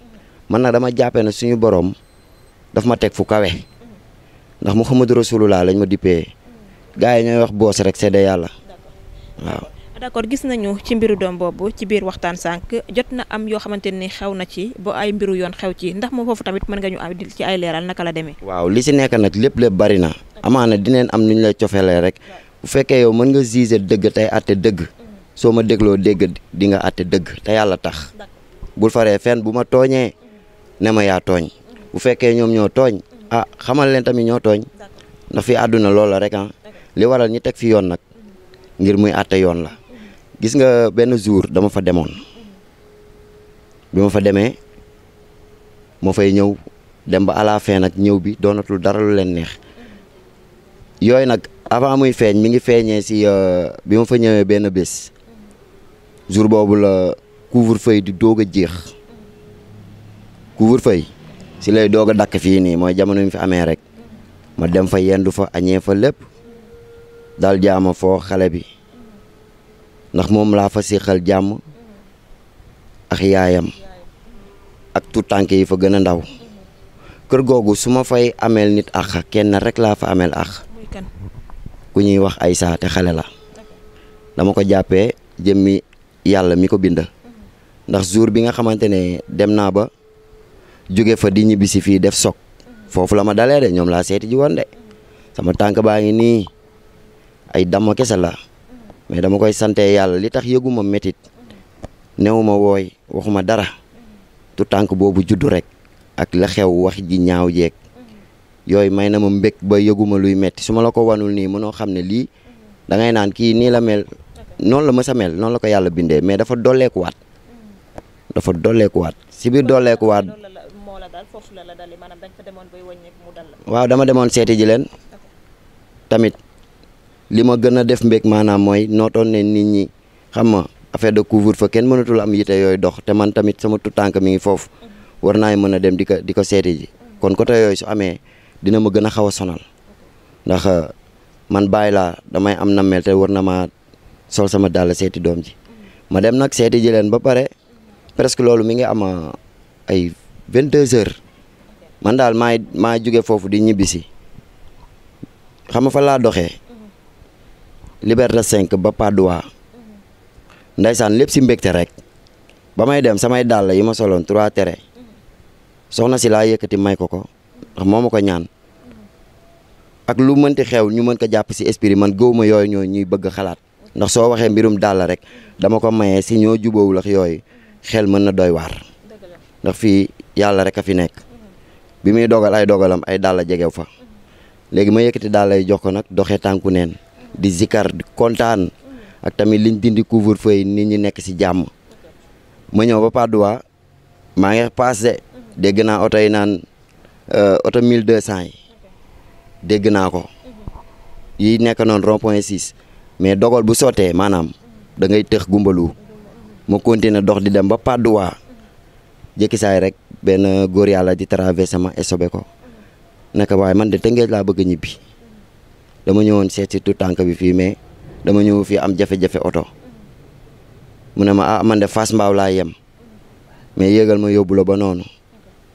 man na dama jàppee ne suñu boroom daf ma teg fu kawe ndax mu Muhammadu laa lañ ma dippee gars yi ñooy wax boos rek seede yàlla waaw. d'accord gis nañu ci mbiru doom boobu ci biir waxtaan sànq jot na am yoo xamante ni xew na ci ba ay mbiru yoon xew ci ndax moom foofu tamit mën nga ñu am ci ay leeral naka la demee. waaw li si nekk nag lépp lépp bari na amaana dineen am nu ñu lay cofeelee rek bu fekkee yow mën nga juger dëgg tey àtte dëgg soo ma dégloo dégg di nga àtte dëgg te yàlla tax bul faree fenn bu ma tooñee ne ma yaa tooñ bu fekkee ñoom ñoo tooñ mm-hmm. a ah, xamal leen tamit ñoo tooñ ndax àdduna loola rek ah li waral teg fi yoon nag ngir muy àtte yoon la gis nga benn jour dama fa demoon bi ma fa demee ma fay ñëw dem ba à la fin nag ñëw bi doonatul dara lu leen neex yooyu nag avant muy feeñ mi ngi feeñee si euh, bi ma fa ñëwee benn bés jour boobu la couvre-feu di doog a jeex couvre fay si lay doog a dakk fii nii mooy jamono mi fi amee rek ma dem fa yendu fa añee fa lépp dal jaama foo xale bi ndax moom laa fa seqal jàmm ak yaayam ak tu tànk yi fa gën a ndaw kër googu su ma fay ameel nit ak kenn rekk laa fa ameel ak ku ñuy wax ay saate xale la dama ko jàppee jëmmi yàlla mi ko bind mhm. ndax jour bi nga xamante ne dem naa ba jóge fa di ñibbisi fii def soog mhm. foofu la ma dalee de ñoom laa seeti ji woon de mhm. sama tànk baa ngi nii ay damm kese la mais dama koy sante yàlla li tax yëguma métit newuma wooy waxuma dara tu tànk boobu juddu rek ak la xew wax ji ñaaw jeeg yooyu may na ma mbég ba yëguma luy metti su ma la ko wanul nii mënoo xam ne lii da ngay naan kii nii la mel noonu la mës a mel noonu la ko yàlla bindee mais dafa dolleekuwaat dafa dolleekuwaat si biir dolleekuwaat waaw dama demoon seeti ji leen tamit li ma gën a def mbéeg maanaam mooy nootoon ne nit ñi xam nga affaire de couvre-feu kenn mënatul am yite yooyu dox te man tamit sama tu tutànk mi ngi foofu war naa mën a dem di ko di ko seeti ji kon côté yooyu su amee dina ma gën a xaw a sonal ndax euh, man bàyyi laa damay am nammeel te war na maa sol sama dàll seeti doom ji ma dem nag seeti ji leen ba pare presque loolu mi ngi am euh, ay vingt man daal maay maa jóge foofu di ñibbisi xam nga fa laa doxee Liberté 5 ba Padois ndaysaan lépp si mbégte rek ba may dem samay dàll yi ma soloon trois tere soxna si laa yëkkati may ko ko ndax moo ma ko ñaan ak lu mënti xew ñu mën ko jàpp si esprit man gëw ma yooyu ñoo ñuy bëgg xalaat ndax soo waxee mbirum dàll rek dama ko mayee si ñoo jubóowul ak yooyu xel mën na doy waar ndax fii yàlla rek a fi nekk bi muy dogal ay dogalam ay dàll jegew fa léegi ma yëkkati dàll yi jox ko nag doxee tànku neen di zikar di kontaan ak tamit liñ dindi couvre-feu yi nit ñi nekk si jàmm ma ñëw ba Patte maa ngi passé dégg naa oto yi naan euh, oto mille 1200 yi dégg naa ko yi nekk noon rond point 6 mais dogal bu sotee maanaam dangay ngay tëx gumbalu ma continuer dox di dem ba Patte d'Oie jëkki saay rek benn góor yàlla di traversé ma esobe ko naka waaye man de te Tëngéej laa bëgg ñibbi dama ñëwoon seeti tout tànk bi fii mais dama ñëw fii am jafe-jafe oto mu ne ma ah man de Fass Mbao laa yem mais yéegal ma yóbbu ba noonu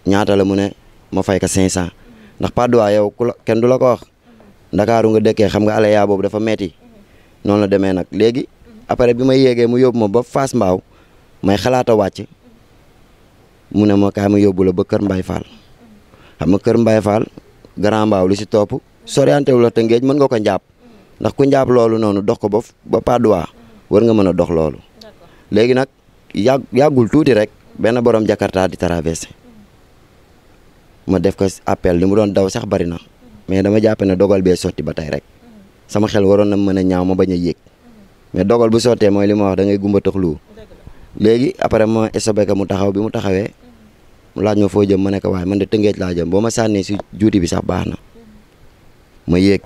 ñaata la mu ne ma fay ko 500 ndax Patte d'Oie yow kenn du la ko wax ndakaaru nga dëkkee xam nga ale yaa boobu dafa metti noonu la demee nag léegi après bi may yéegee mu yóbbu ma ba Fass mbaaw may xalaata a wàcc mu ne ma kaay mu yóbbu ba Kër Mbaye Fall xam nga Kër Mbaye Fall Grand Mbao lu si topp. soriante wu la Tëngéej mën nga ko njaab ndax ku njaab loolu noonu dox ko ba ba war nga mën a dox loolu. léegi nag yàgg yàggul tuuti rek benn borom Jakarta di traversé mm-hmm. ma def ko appel li mu doon daw sax bari na mm-hmm. mais dama jàppe ne dogal bee sotti ba tey rek mm-hmm. sama xel waroon na mën a ñaaw ma bañ a yéeg mais dogal bu sottee mooy li ma wax da ngay gumba taxlu léegi après ma stoppé mu taxaw bi mu taxawee mu laaj ma foo jëm ma ne ko waaye man de Tëngéej laa jëm boo ma sànnee si juuti bi sax baax na. ma yéeg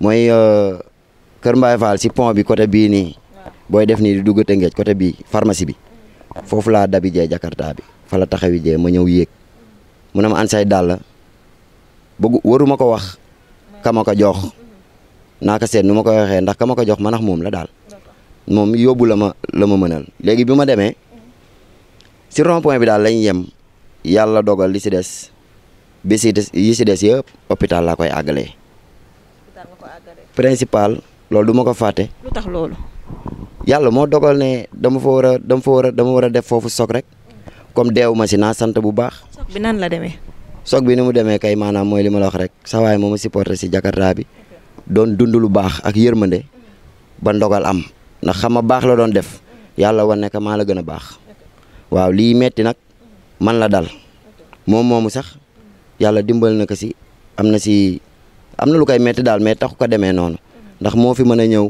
mooy euh, Kër Mbaye Fall si pont bi côté bii nii booy def nii di dugg Tëngéej côté bii pharmacie bi foofu laa dabi jee Jakarta bi fa la taxawi jee ma ñëw yéeg mu ne ma an say dàll bëgg waruma ko wax kama ko jox naa ko seet nu ma ko waxee ndax kama ko jox ma nax moom la daal moom yóbbu la ma la ma mënal léegi bi ma demee si rond bi daal lañ yem yàlla dogal li si des bi si des yi si des yëpp hôpital laa koy àggalee. principal loolu du ma ko fàtte. tax loolu. yàlla moo dogal ne dama fa war a dama fa war a dama war a def foofu soog rek comme deewu ma si naa sant bu baax. soog bi la demee. soog bi ni mu demee kay maanaam mooy li ma la wax rek sa waay moo ma supporté si Jakarta bi doon dund lu baax ak yërmande ba ndogal am ndax xam ma baax la doon def yàlla wane ka maa la gën a baax waaw lii metti nag man la dal moom moomu sax yàlla dimbal na ko si am na si. am na lu koy metti daal mais taxu ko demee noonu ndax moo fi mën a ñëw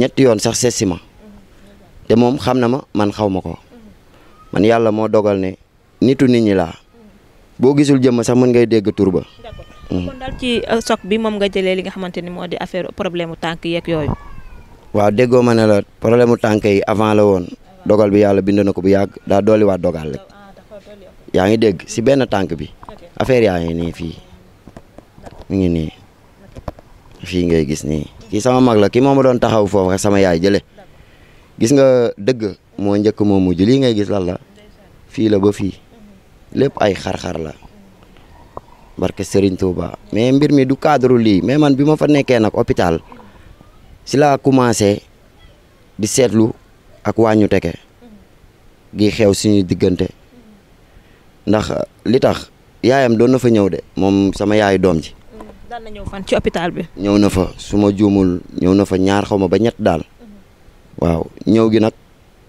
ñetti yoon sax seesi ma te moom xam na ma man xaw ma ko man yàlla moo dogal ne nitu nit ñi laa boo gisul jëmm sax mën ngay dégg turba ba. kon daal euh, bi moom nga jëlee li nga xamante ni moo di affaire problème mu tànk yeeg yooyu. waaw déggoo ma ne la problème mu tànk yi avant la woon dogal bi yàlla bind na ko bu yàgg daa dolliwaat dogal rek ah, yaa ngi dégg si benn tànk bi affaire yaa ngi nii fii. mu ngi nii fii ngay gis nii kii sama mag la kii moom ma doon taxaw foofu sama yaay jële gis nga dëgg moo njëkk moom mujj lii ngay gis lan la fii la ba fii lépp ay xar-xar la barke Serigne ba mais mbir mi du cadre lii mais man bi ma fa nekkee nag hôpital si laa commencé di seetlu ak wàññu teke gi xew suñu diggante ndax li tax yaayam doon na fa ñëw de moom sama yaayu doom ji daan ci hôpital bi. ñëw na fa suma ma juumul ñëw na fa ñaar xaw ma ba ñett daal mhm. waaw ñëw gi nag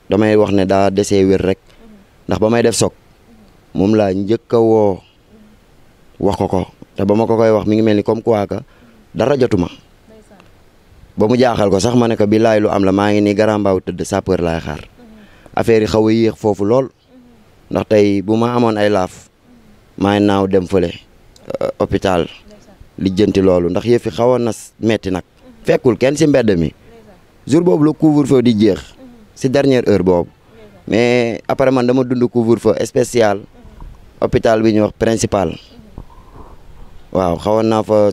damay wax ne daa dese wér rek mhm. ndax ba may def soog mhm. moom laa njëkk a woo wax ko ko te ba ma ko koy wax mi ngi mel ni comme quoi que dara jotuma ba mu jaaxal ko sax ma ne ko billaay lu am la maa ngi nii Grand Mbao tëdd sapeur laay xaar affaire yi xaw yéex foofu lool ndax tey bu ma amoon ay laaf maa ngi naaw dem fële euh, hôpital. lijjanti loolu ndax yëf yi xawoon na metti nag fekkul kenn si mbedd mi jour boobu la couvre-feu di jeex si dernière heure boobu mais après man dama dund couvre-feu spécial hôpital bi ñuy wax principal waaw xawoon naa fa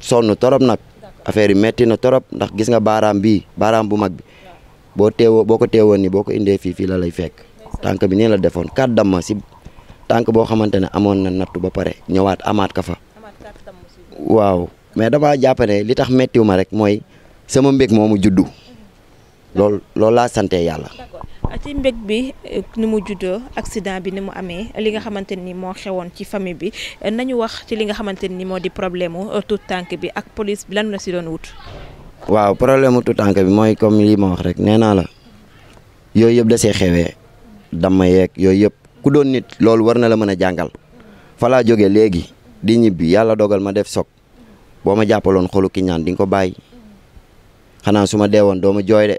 sonn torop nag affaire yi metti na torop ndax gis nga baaraam bi baaraam bu mag bi boo teewoo boo ko teewoon ni boo ko indee fii fii la lay fekk tànk bi nii la defoon kat dama si tànk boo xamante ne amoon na nattu ba pare ñëwaat amaat ka fa waaw mais damaa jàpp li tax méttiwu ma rek mooy sama mbég mu juddu lool loolu laa sante yàlla. ci mbég bi eh, ni mu juddoo accident bi ni mu amee li nga xamante ni moo xewoon ci famille bi eh, nañu wax ci li nga xamante ni moo di problème mu eh, tout tànk bi ak police bi lan la si doon wut. waaw problème mu tànk bi mooy comme lii ma wax rek nee naa la yooyu yëpp da see xewee dama yeeg yooyu yëpp ku doon nit loolu war na la mën a jàngal fa laa léegi. di ñibbi yàlla dogal ma def soog boo ma jàppaloon xolu ki ñaan di ko bàyyi xanaa su ma dee doo ma jooy de.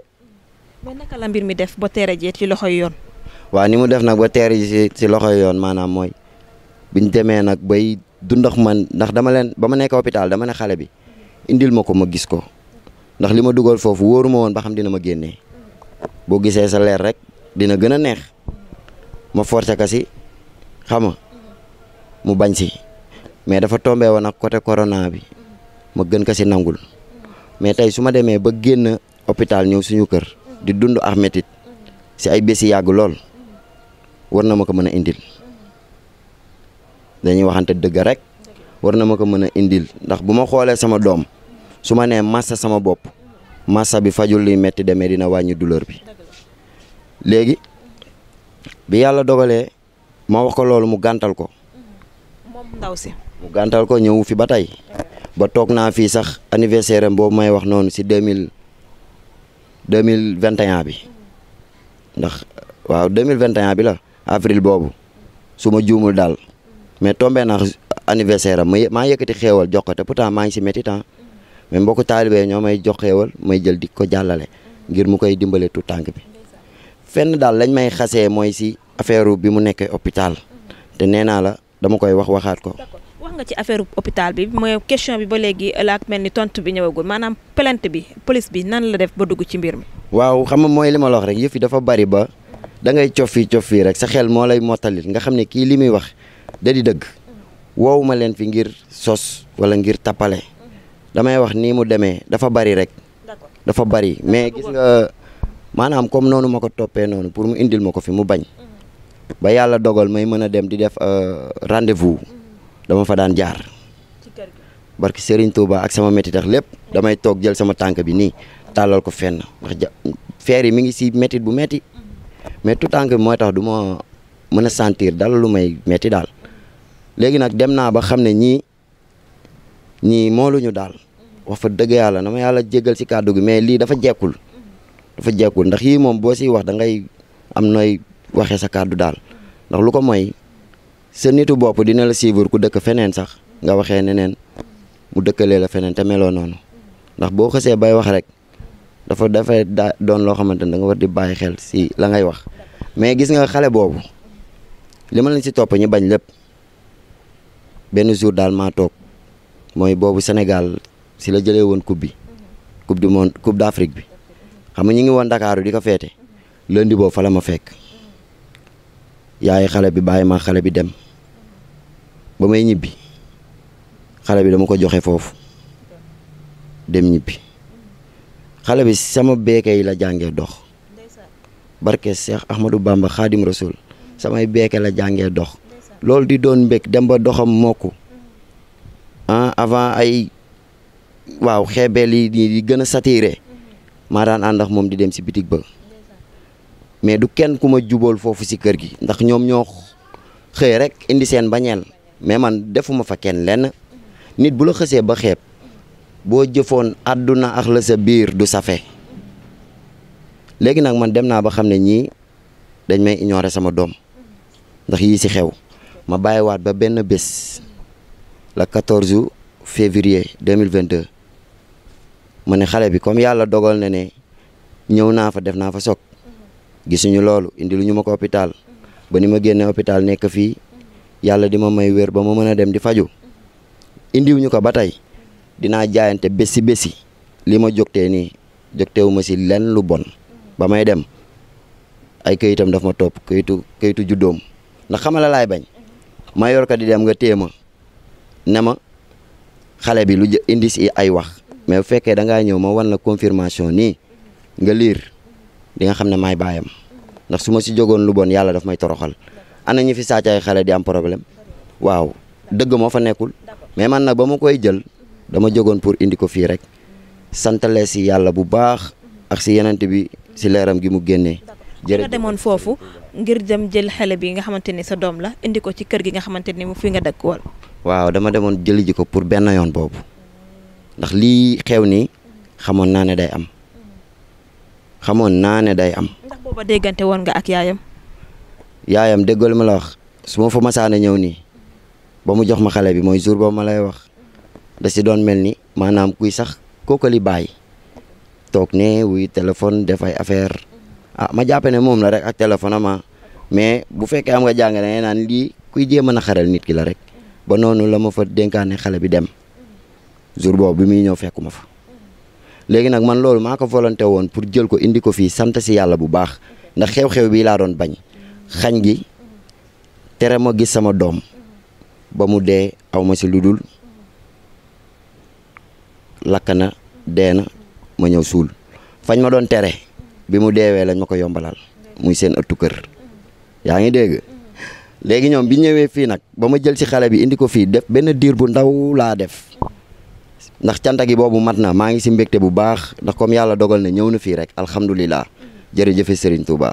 mais naka la mbir mi def ba teere ji ci loxo yi yoon. waaw ni mu def nag ba teere ji si loxo loxoy yoon maanaam mooy biñ demee nag bay du dundax man ndax dama leen ba ma nekk hôpital dama ne xale bi indil ma ko ma gis ko ndax li ma dugal foofu wóoruma woon ba xam dina ma génnee boo gisee sa leer rek dina gën a neex ma forcé ka si xam nga mu bañ si. mais dafa tombé woon ak côté corona bi ma gën ko si nangul mais tey su ma demee ba génn hôpital ñëw suñu kër di dund ak métit si ay bési yàgg lool war na ma ko mën a indil dañuy waxante dëgg rek war na ma ko mën a indil ndax bu ma xoolee sama doom su ma nee massa sama bopp massa bi fajul liy métti demee dina wàññi douleur bi léegi bi yàlla dogalee ma wax ko loolu mu gàntal ko moom si mu gàntal ko ñëw fi ba tey ba toog naa fii sax anniversaire am boobu may wax noonu si deux mille deux mille vingt et bi ndax waaw deux mille vingt et bi la avril boobu su ma juumul daal mais tombé naa anniversaire am maa yëkkati xéewal jox ko te pourtant maa ngi si métti temps ah. mais mbokku taalibe ñoo may jox xéewal may jël di ko jàllale ngir mu koy dimbale tu tànk bi fenn daal lañ may xasee mooy si affaire bi mu nekkee hôpital te nee naa la dama koy wax waxaat ko wax nga ci affaire hôpital bi mooy question bi ba léegi laa mel ni tont bi ñëwagul maanaam plainte bi police bi nan la def ba dugg ci mbir mi. waaw xam nga mooy li ma la wax rek yëf dafa bari ba da ngay cof fii cof fii rek sa xel moo lay mottalit nga xam ne kii li muy wax da di dëgg woowu ma leen fi ngir sos wala ngir tappale damay wax nii mu demee dafa bari rek. dafa bari mais gis nga maanaam comme noonu ma ko toppee noonu pour mu indil ma ko fi mu bañ. Mm-hmm. ba yàlla dogal may mën a dem di def euh, rendez-vous mm-hmm. dama fa daan jaar barki Serigne Touba ak sama métit lépp damay toog jël sama tànk bi nii tàllal ko fenn ndax feer yi mi ngi si métit bu métti mais tànk bi mooy tax du ma mën a sentir dal lu may métti daal léegi nag dem naa ba xam ne ñii ñii mooluñu daal wax fa dëgg yàlla na ma yàlla jéggal si kàddu gi mais lii dafa jekkul dafa jekkul ndax yii moom boo si wax da ngay am nooy waxee sa kàddu daal ndax lu ko moy sa nitu bopp dina la suivre ku dëkk feneen sax nga waxee neneen mu dëkkalee la feneen te meloo noonu ndax boo xasee bay wax rek dafa dafay daa doon loo xamante ne da nga war di bàyyi xel si la ngay wax mais gis nga xale boobu li ma leen si topp ñu bañ lépp benn jour daal maa toog mooy boobu senegal si la jëlee woon coupe bi coupe du monde coupe d'Afrique bi xam nga ñu ngi woon ndakaaru di ko feete lundi boobu fa la ma fekk yaay xale bi bàyyi ma xale bi dem. ba may ñibbi xale bi dama ko joxe foofu dem ñibbi xale bi sama beeke yi la jàngee dox barke Cheikh Ahmadou Bamba Khadim Rasoul samay beeke la jàngee dox loolu di doon mbég dem ba doxam mokku ah avant ay waaw xeebeel yi di gën a satiré maa daan ànd moom di dem si bitig ba mais du kenn ku ma jubal foofu si kër gi ndax ñoom ñoo xëy rek indi seen bañeel mais man defuma fa kenn lenn nit bu la xësee ba xeeb boo jëfoon àdduna ak la sa biir du safe léegi nag man dem naa ba xam ne ñii dañ may ignorer sama doom ndax yii si xew ma bàyyiwaat ba benn bés le 14 février 2022 ma ne xale bi comme yàlla dogal na ne ñëw naa fa def naa fa soog gisuñu loolu indi lu ñu ma ko hôpital ba ni ma génnee hôpital nekk fii yàlla di ma may wér ba ma mën a dem di faju indiwuñu ko ba tey dinaa jaayante bési bési li ma jógtee nii jógteewu ma si lenn lu bon ba may dem ay kayitam daf ma topp këyitu këyitu juddoom ndax xamala lalaay bañ ma yor di dem nga téye ma ne ma xale bi lu indi si ay wax mais bu fekkee da ngaa ñëw ma wan na confirmation nii nga liir di nga xam ne maay baayam ndax suma si jógoon lu bon yàlla daf may toroxal ana ñu fi sàcc ay xale di am problème waaw dëgg moo fa nekkul mais man nag ba ma koy jël dama jógoon pour indi ko fii rek santale si yàlla bu baax ak si yenent bi si leeram gi mu génnee jërëjëf demoon foofu ngir dem jël xale bi nga xamante ni sa doom la indi ko ci kër gi nga xamante ni mu fii nga dëkk wal waaw dama demoon jëli ko pour benn yoon boobu ndax lii xew nii xamoon naa ne day am xamoon naa ne day am. ndax yaayam déggal ma la wax su ma fa ñëw nii ba mu jox ma xale bi mooy jour boobu ma lay wax da si doon mel ni maanaam kuy sax kooku baay toog ne wuy téléphone def ay affaire ah, ma jàppe ne moom la rek ak téléphone ama ah, mais bu fekkee am nga jàng da ngay naan lii kuy jéem a naxaral nit ki la rek ba noonu la ma fa dénkaane xale bi dem jour boobu bi muy ñëw fekkuma fa léegi nag man loolu maa ko volonté woon pour jël ko indi ko fii sant si yàlla bu baax ndax xew-xew bii laa doon bañ xañ gi tere ma gis sama doom ba mu dee aw ma si lu dul lakk na dee na ma ñëw suul fañ ma doon tere bi mu deewee lañ ma ko yombalal muy seen ëttu kër yaa ngi dégg léegi ñoom bi ñëwee fii nag ba ma jël si xale bi indi ko fii def benn diir bu ndaw laa def ndax canta gi boobu mat na maa ngi si mbégte bu baax ndax comme yàlla dogal na ñëw na fii rek alhamdulilah jërëjëfe Serigne Touba.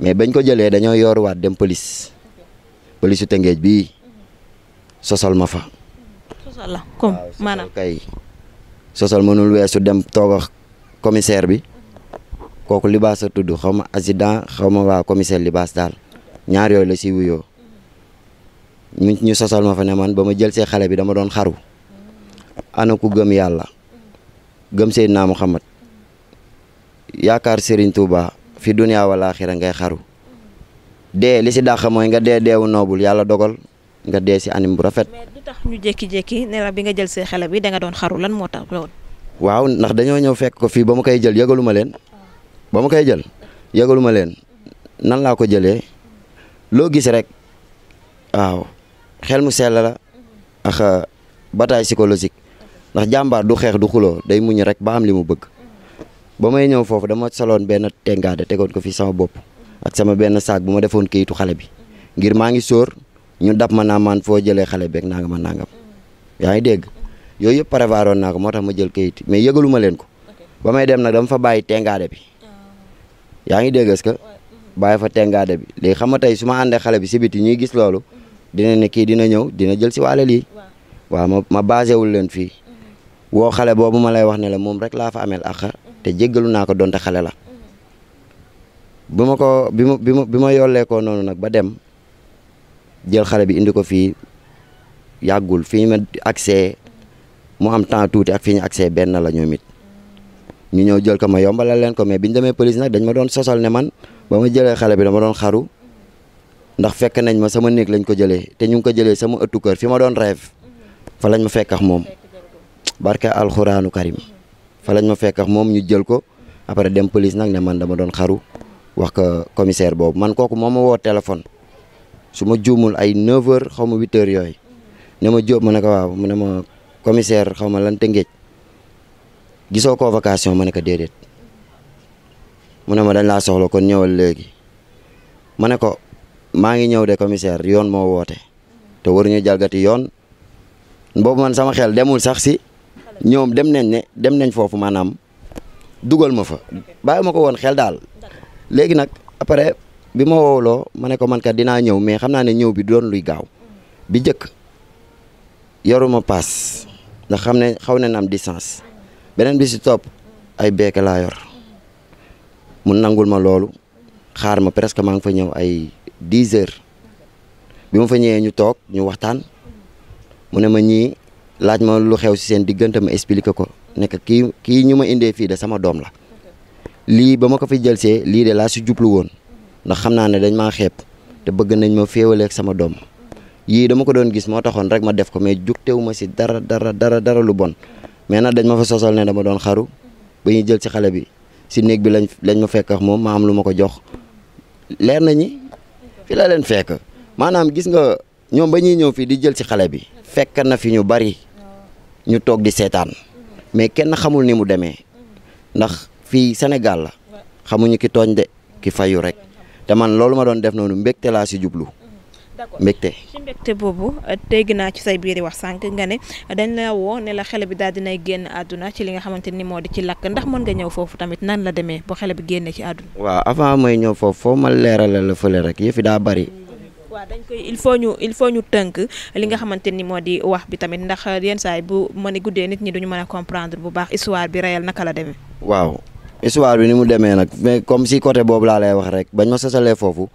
mais bañ ko jëlee dañoo waat dem police police yu Tëngéej bii sosol ma fa. sosal la kay sosal mënul weesu dem toog ak commissaire bi kooku libaas a tudd xaw ma accident xaw ma waa commissaire libaas daal ñaar yooyu la si wuyoo ñu ñu sosal ma fa ne man ba ma jël see xale bi dama doon xaru ana ku gëm yàlla gëm Seydina Muhammad yaakaar Serigne Touba. fi dunya wal axira ngay xaru dee li si dàq mooy nga dee deewu noobul yàlla dogal nga dee si anim bu rafet. mais ñu jékki-jékki bi nga jël see xale bi da nga doon lan moo tax loolu. waaw ndax dañoo ñëw fekk ko fii ba ma koy jël yëgalu ma leen ba ma koy jël yëgalu ma leen nan laa ko jëlee loo gis rek waaw xel mu sell la ak euh, bataille psychologique ndax jàmbaar du xeex du xuloo day muñ rek ba am li mu bëgg. ba may ñëw foofu dama soloon benn tengaade tegoon ko fii sama bopp ak sama benn saak bu ma defoon kayitu xale bi ngir maa ngi sóor ñu dab ma naa maan foo jëlee xale beeg nangam ak nangam yaa ngi dégg yooyu yëpp prévoir naa ko moo tax ma jël këyit mais yëgalu ma leen ko ba may dem nag dama fa bàyyi tengaade bi ah. yaa ngi dégg est-ce mhm. bàyyi fa tengaade bi léegi xam ma tey su ma àndee xale bi si biti ñuy gis loolu mhm. dina ne kii dina ñëw dina jël si waale lii waaw ma ma basé wul leen fii mhm. woo xale boobu ma lay wax la moom rek laa fa amel ak te jéggalu naa ko donte xale la bi ma ko bi ma bi ma bi ma yollee noonu nag ba dem jël xale bi indi ko fii yàggul fii ma accès mu am temps tuuti ak fii ñu accès benn la ñoom it ñu ñëw jël ko ma yombalal leen ko mais bi ñu demee police nag dañ ma doon sosal ne man ba ma jëlee xale bi dama doon xaru ndax fekk nañ ma sama néeg lañ ko jëlee te ñu ngi ko jëlee sama ëttu kër fi ma doon rêve fa lañ ma fekk ak moom barke alxuraanu karim fa lañ ma fekk ak moom ñu jël ko après dem police nag ne man dama doon xaru wax ko commissaire boobu man kooku moom ma woo téléphone su ma juumul ay 9 xaw ma 8 yooyu ne ma jóob ma ne ko waaw mu ne ma commissaire xaw ma lan Tëngéej gisoo convocation ma ne ko déedéet mu ne ma dañ laa soxla kon ñëwal léegi ma ne ko maa ngi ñëw de commissaire yoon moo woote te war ñu jalgati yoon boobu man sama xel demul sax si. ñoom dem nañ ne dem nañ foofu maanaam dugal ma fa bàyyi ma ko woon xel daal léegi nag après bi ma woowloo ma ne ko man kat dinaa ñëw mais xam naa ne ñëw bi doon luy gaaw bi njëkk yoruma paas ndax xam ne xaw nañ am distance beneen bi si topp ay beeke laa yor mun nangul ma loolu xaar ma presque maa ngi fa ñëw ay dix heures bi ma fa ñëwee ñu toog ñu waxtaan mu ne ma ñii laaj ma lu xew si seen diggante ma expliqué ko nekk kii kii ñu ma indee fii de sama doom la lii ba ma ko fi jëlsee lii de laa si jublu woon ndax xam naa ne dañ maa xeeb te bëgg nañ ma féewaleeg sama doom yii dama ko doon gis moo taxoon rek ma def ko mais jugtewu ma si dara dara dara dara lu bon mais nag dañ ma fa sosal ne dama doon xaru ba ñuy jël si xale bi si néeg bi lañ lañ ma fekk ak moom ma am lu ma ko jox leer nañu ñi fi la leen fekk maanaam gis nga ñoom ba ñuy ñëw fii di jël si xale bi fekk na fi ñu bari ñu toog di seetaan mais kenn xamul ni mu demee ndax fii senegal la xamuñu ki tooñ de ki fayu rek te man loolu ma doon def noonu mbégte laa si jublu. d'accord mbégte ci mbégte boobu euh, dégg naa ci say biiri wax sànq nga ne euh, dañ la woo ne la xale bi daal dinay génn àdduna ci li nga xamante ni moo di ci lakk ndax mën nga ñëw foofu tamit nan la demee ba xele bi génnee ci àdduna. waaw avant mooy ñëw foofu foo ma leeralal la fële rek yëfi daa bari waaw dañ il faut ñu il faut ñu tënk li nga xamante ni moo di wax bi tamit ndax yenn saay bu mën a guddee nit ñi duñu mën comprendre bu baax histoire bi réel naka la demee. waaw histoire bi ni mu demee nag mais comme si côté boobu laa lay bañ ma sosalee foofu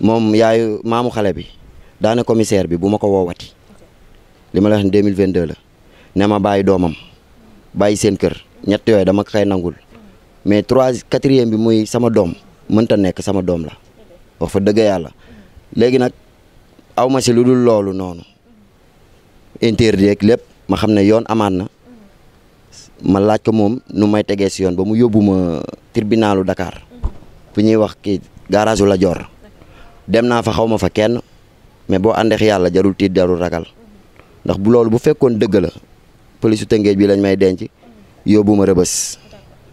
moom yaayu maamu xale bi daana commissaire bi bu ma ko woowati li ma la mille ne de la ne ma bàyyi doomam bàyyi seen kër ñett yooyu dama koy nangul mais trois quatrième bi muy sama doom mënta nekk sama doom la wax fa dëgg yàlla. léegi nag aw ma si lu dul loolu noonu interdit ak lépp ma xam ne yoon amaat na ma laaj ko moom nu may tegee si yoon ba mu yóbbu ma tribunalu Dakar fu ñuy wax kii garage la Dior dem naa fa xawma fa kenn mais boo àndeex yàlla jarul tiit jarul ragal ndax bu loolu bu fekkoon dëgg la polisu Tëngéej bi lañ may denc yóbbu ma rëbës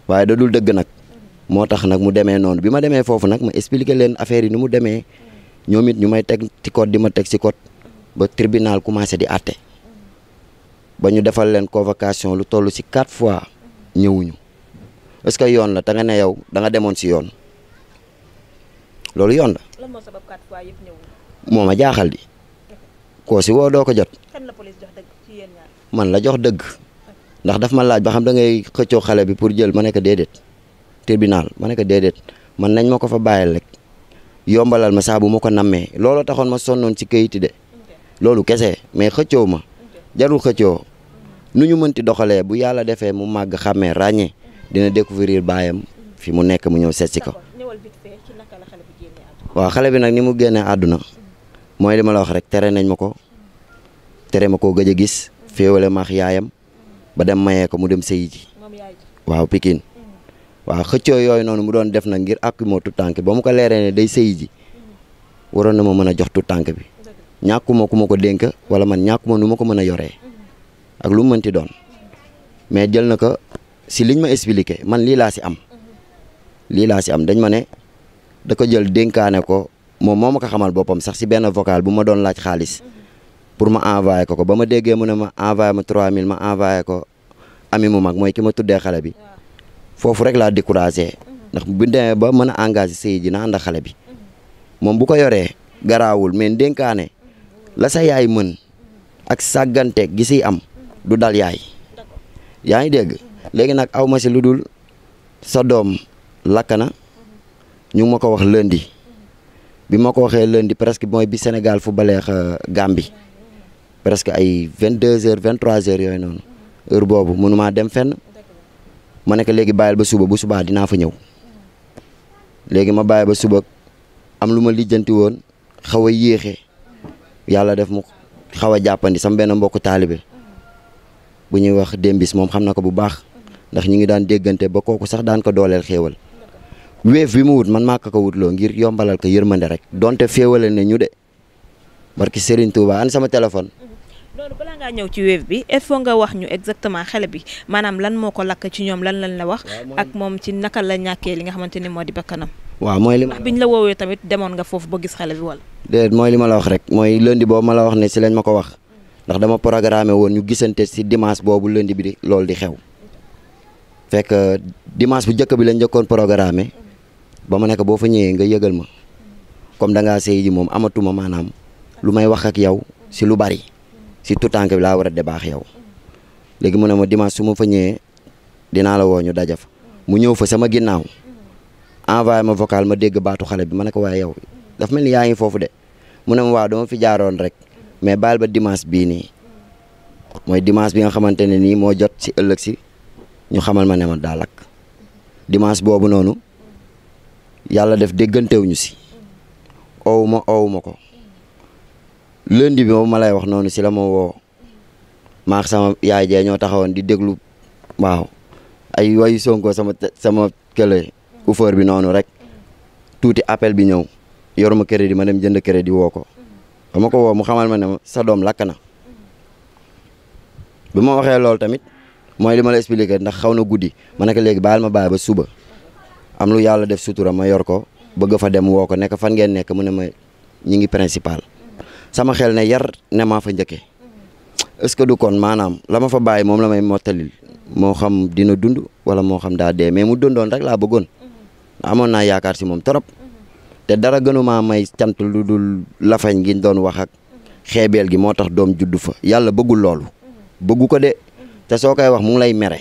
waaye da dul dëgg nag moo tax nag mu demee noonu bi ma demee foofu nag ma expliqué leen affaire yi nu mu demee. ñoom it ñu may teg ci code di ma teg ci code ba tribunal commencé di àtte ba ñu defal leen convocation lu toll si quatre fois ñëwuñu parce que yoon la te nga ne yow danga demoon si yoon loolu yoon la. lan moo ma jaaxal di koo si woo doo ko jot. kan la jox dëgg man la jox dëgg ndax daf ma laaj ba xam da ngay xëccoo xale bi pour jël ma nekk déedéet tribunal ma nekk déedéet man nañ ma ko fa bàyyil rek. yombalal ma saa bu ma ko namee looloo taxoon ma sonnoon ci kayiti de loolu kese mais xëccoo ma jarul xëccoo nu ñu mënti doxalee bu yàlla defee mu màgg xàmmee ràññee dina découvrir baayam fi mu nekk mu ñëw seet si ko waaw xale bi nag ni mu génnee àdduna mooy li ma la wax rek tere nañ ma ko tere ma ko gëj a gis féewale maax yaayam ba dem mayee ko mu dem sëyi ji waaw Pikine waaw xëccoo yooyu noonu mu doon def nag ngir àpp moo tout tànk ba mu ko leeree ne day sëy ji waroon na moo mën a jox tout tànk bi ñàkkuma ku ma ko dénk wala man ñàkkuma nu ma ko mën a yoree ak lu mu mënti doon mais jël na ko si liñ ma expliqué man lii laa si am lii laa si am dañ ma ne da ko jël dénkaane ko moom moo ma ko xamal boppam sax si benn vocal bu ma doon laaj xaalis pour ma envoyé ko ko ba ma déggee mu ne ma envoyé ma 3000 ma envoyé ko ami mu mag mooy ki ma tuddee xale bi foofu rek laa découragé ndax bu demee ba mën a engagé sëy ji na ànd xale bi moom bu ko yoree garaawul mais dénkaane la sa yaay mën ak saggante gi siy am du dal yaay yaa ngi dégg léegi nag aw ma si lu dul sa doom lakk na ñu ma ko wax lëndi bi ma ko waxee lundi presque mooy bi Sénégal fu baleex euh, Gambie presque ay vingt deux heures vingt trois heures yooyu noonu heure boobu mënumaa dem fenn ma nekk léegi bàyyil ba suba bu subaa dinaa fa ñëw léegi ma bàyyi ba suba am lu ma lijjanti woon xaw a yéexe yàlla def mu xaw a jàppandi sama benn mbokku taalibe bu ñuy wax Dembis moom xam na ko bu baax ndax ñu ngi daan déggante ba kooku sax daan ko dooleel xéewal weef bi mu wut man maa ko ko wutloo ngir yombalal ko yërmande rek donte féewale ne ñu de barki Serigne Touba an sama téléphone loolu balaa ngaa ñëw ci wéef bi il faut nga wax ñu exactement xele bi maanaam lan moo ko lakk ci ñoom lan lañ la wax. ak moom ci naka la ñàkkee li nga xamante ni moo di bakkanam. waaw mooy li ma biñ la woowee tamit demoon nga foofu ba gis xale bi wala. mooy li ma la wax rek mooy lundi boobu ma la wax ne si lañ ma ko wax ndax dama programmé woon ñu gisante si dimanche boobu lundi bi loolu di xew fekk dimanche bu njëkk bi lañ njëkkoon programmé ba mu nekk boo fa ñëwee nga yëgal ma comme danga ngaa sëy ji moom amatuma maanaam lu may wax ak yow si lu bari si tutànk bi laa war a debaax yow léegi mu ne ma dimanche su ma fa ñëwee dinaa la woo ñu daje fa mu ñëw fa sama ginnaaw envoyé ma vocal ma dégg baatu xale bi ma ne ko waaye yow dafa mel ni yaa ngi foofu de mu ne ma waaw dama fi jaaroon rek mais baal ba dimanche bii nii mooy dimanche bi nga xamante ne nii moo jot si ëllëg si ñu xamal ma ne ma daa lakk dimanche boobu noonu yàlla def déggantewuñu si ow ma ko lundi bi moom ma lay wax noonu si la ma woo maa sama yaay jee ñoo taxawoon di déglu waaw ay wayu Sonko sama sama kële uffeur bi noonu rek tuuti appel bi ñëw yoruma crédit ma dem jënd crédit woo ko ma ko woo mu xamal ma ne ma sa doom lakk na bi ma waxee loolu tamit mooy li ma la expliqué ndax xaw na guddi ma ne léegi baal ma bàyyi ba suba am lu yàlla def sutura ma yor ko bëgg fa dem woo ko nekk fan ngeen nekk mu ne ma ñi ngi principal sama xel ne yar ne maa fa njëkkee est-ce que du kon maanaam la ma fa bàyyi moom la may mottalil moo xam dina dund wala moo xam daa dee mais mu dundoon rek laa bëggoon amoon naa yaakaar si moom trop te dara gënumaa may cant lu dul lafañ gi doon wax ak xeebeel gi moo tax doom juddu fa yàlla bëggul loolu bëggu ko de te soo koy wax mu lay mere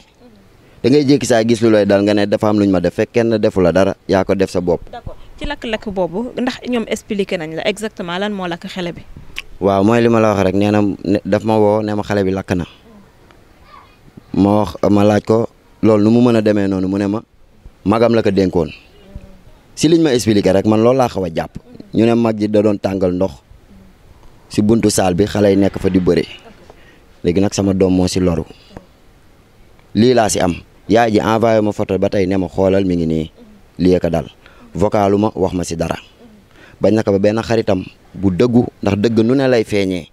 da ngay jékki saa gis lu looy daal nga ne dafa am lu ñu ma def fekk kenn defu la dara yaa ko def sa bopp. ci lakk-lakk boobu ndax ñoom expliqué nañ la exactement lan moo lakk xele bi. waaw mooy li ma la wax rek nee na daf ma woo ne ma xale bi lakk na ma wax ma laaj ko loolu nu mu mën a demee noonu mu ne ma magam la ko dénkoon si liñ ma expliqué rek man loolu laa xaw a jàpp ñu ne mag ji da doon tàngal ndox si buntu saal bi xale yi nekk fa di bëre léegi nag sama doom moo si loru lii laa si am yaay ji envoyé ma photo ba tey ne ma xoolal mi ngi nii lii ko dal vocalu ma wax ma si dara bañ na ko ba benn xaritam bu dëggu ndax dëgg nu ne lay feeñee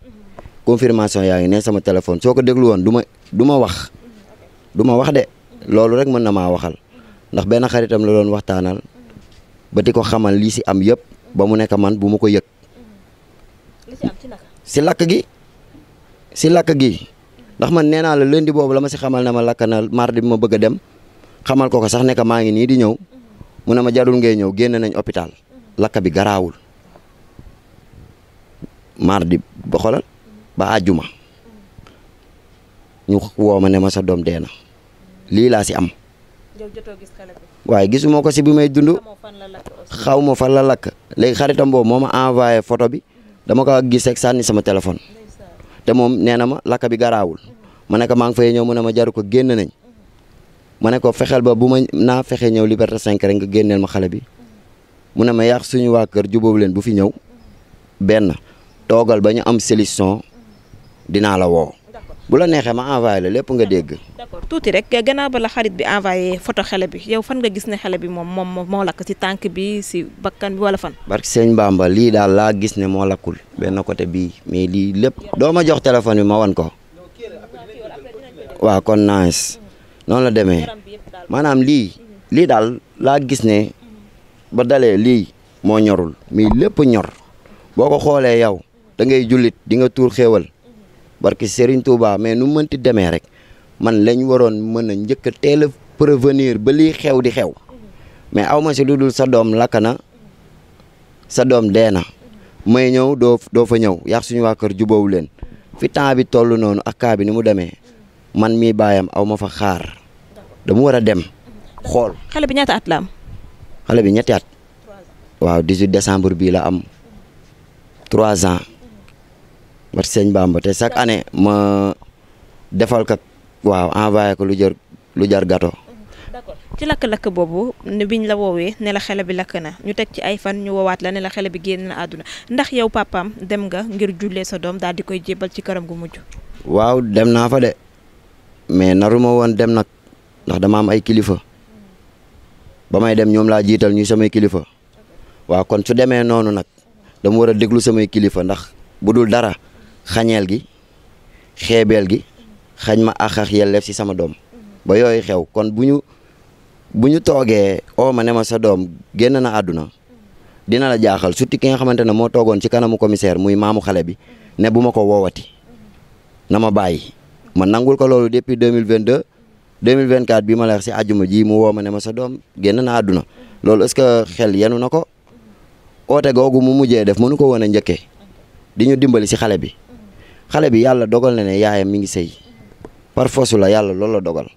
confirmation yaa ngi ne sama téléphone soo ko déglu woon du ma du ma wax du ma wax de loolu rek mën na maa waxal ndax benn xaritam la doon waxtaanal ba di ko xamal lii si am yëpp ba mu nekk man bu ma ko yëg si lakk gi si lakk gi ndax man nee naa la lundi boobu la ma si xamal ne ma lakk na mardi ma bëgg dem xamal ko ko sax ne maa ngi nii di ñëw mu ne ma jarul ngay ñëw génn nañ hôpital lakka bi garaawul mardi ba xolal ba àjjuma ñu woo ma ne ma sa doom dee na lii laa si am waaye gisuma ko si bi may dund xaw ma fan la lakk léegi xaritam boobu moo ma envoyé photo bi dama ko gis rek sànni sama téléphone te moom nee na ma lakk bi garaawul ma nekk ko maa ngi fay ñëw mu ne ma jaru ko génn nañ ma ne ko fexeel ba bu ma naa fexe ñëw Liberté 5 rek nga génneel ma xale bi mu ne ma yàq suñu waa kër jubóobu leen bu fi ñëw benn toogal ba ñu am solution dinaa la woo. bu la neexee ma envoyé la lépp nga dégg. d'accord tuuti rek gannaaw ba la xarit bi envoyé photo xale bi yow fan nga gis ne xale bi moom moom moo lakk si tànk bi si bakkan bi wala fan. barke sëñ Bamba lii daal laa gis ne moo lakkul benn côté bii mais lii lépp. doo ma jox téléphone bi ma wan ko. noonu la demee maanaam lii lii daal laa gis ne ba dalee lii moo ñorul mais lépp ñor boo ko xoolee yow dangay jullit di nga tuur xéewal barki Serigne Touba mais nu mënti demee rek man lañ waroon mën a njëkk a teel a prévenir ba lii xew di xew mais aw ma si lu dul sa doom lakk na sa doom dee na may ñëw doo doo fa ñëw yàq suñu waa kër jubóowu leen fi temps bi toll noonu ak bi ni mu demee man mii baayam aw ma fa xaar damu war a dem xool. xale bi ñaata at la am. xale bi ñetti at. waaw disu décembre bii la am trois ans. ba sëñ Bamba te chaque année ma defal ko waaw envoyé ko lu jar lu jar ci lakk-lakk boobu ne biñ la woowee ne la xale bi lakk na ñu teg ci ay fan ñu woowaat la ne la xale bi génn na àdduna ndax yow papaam dem nga ngir jullee sa doom daal di koy jébal ci këram gu mujj. waaw dem naa fa de. mais naruma woon dem nag ndax dama am ay kilifa ba may dem ñoom laa jiital ñuy samay kilifa waaw kon su demee noonu nag dama war a déglu samay kilifa ndax bu dul dara xañeel gi xeebeel gi xañ ma àq yelleef si sama doom ba yooyu xew kon bu ñu bu ñu toogee oo ma ne ma sa doom génn na àdduna dina la jaaxal surtout ki nga xamante ne moo toogoon ci kanamu commissaire muy maamu xale bi ne bu ma ko woowati na ma bàyyi ma nangul ko loolu depuis deux mille vingt deux deux mille vingt quatre bii ma la wax si àjjuma ji mu woo ma ne ma sa doom génn na àdduna loolu est que xel yenu na ko oote googu mu mujjee def mënu ko woon njëkkee di ñu dimbali si xale bi xale bi yàlla dogal na ne yaayam mi ngi sëy par force la yàlla loolu la dogal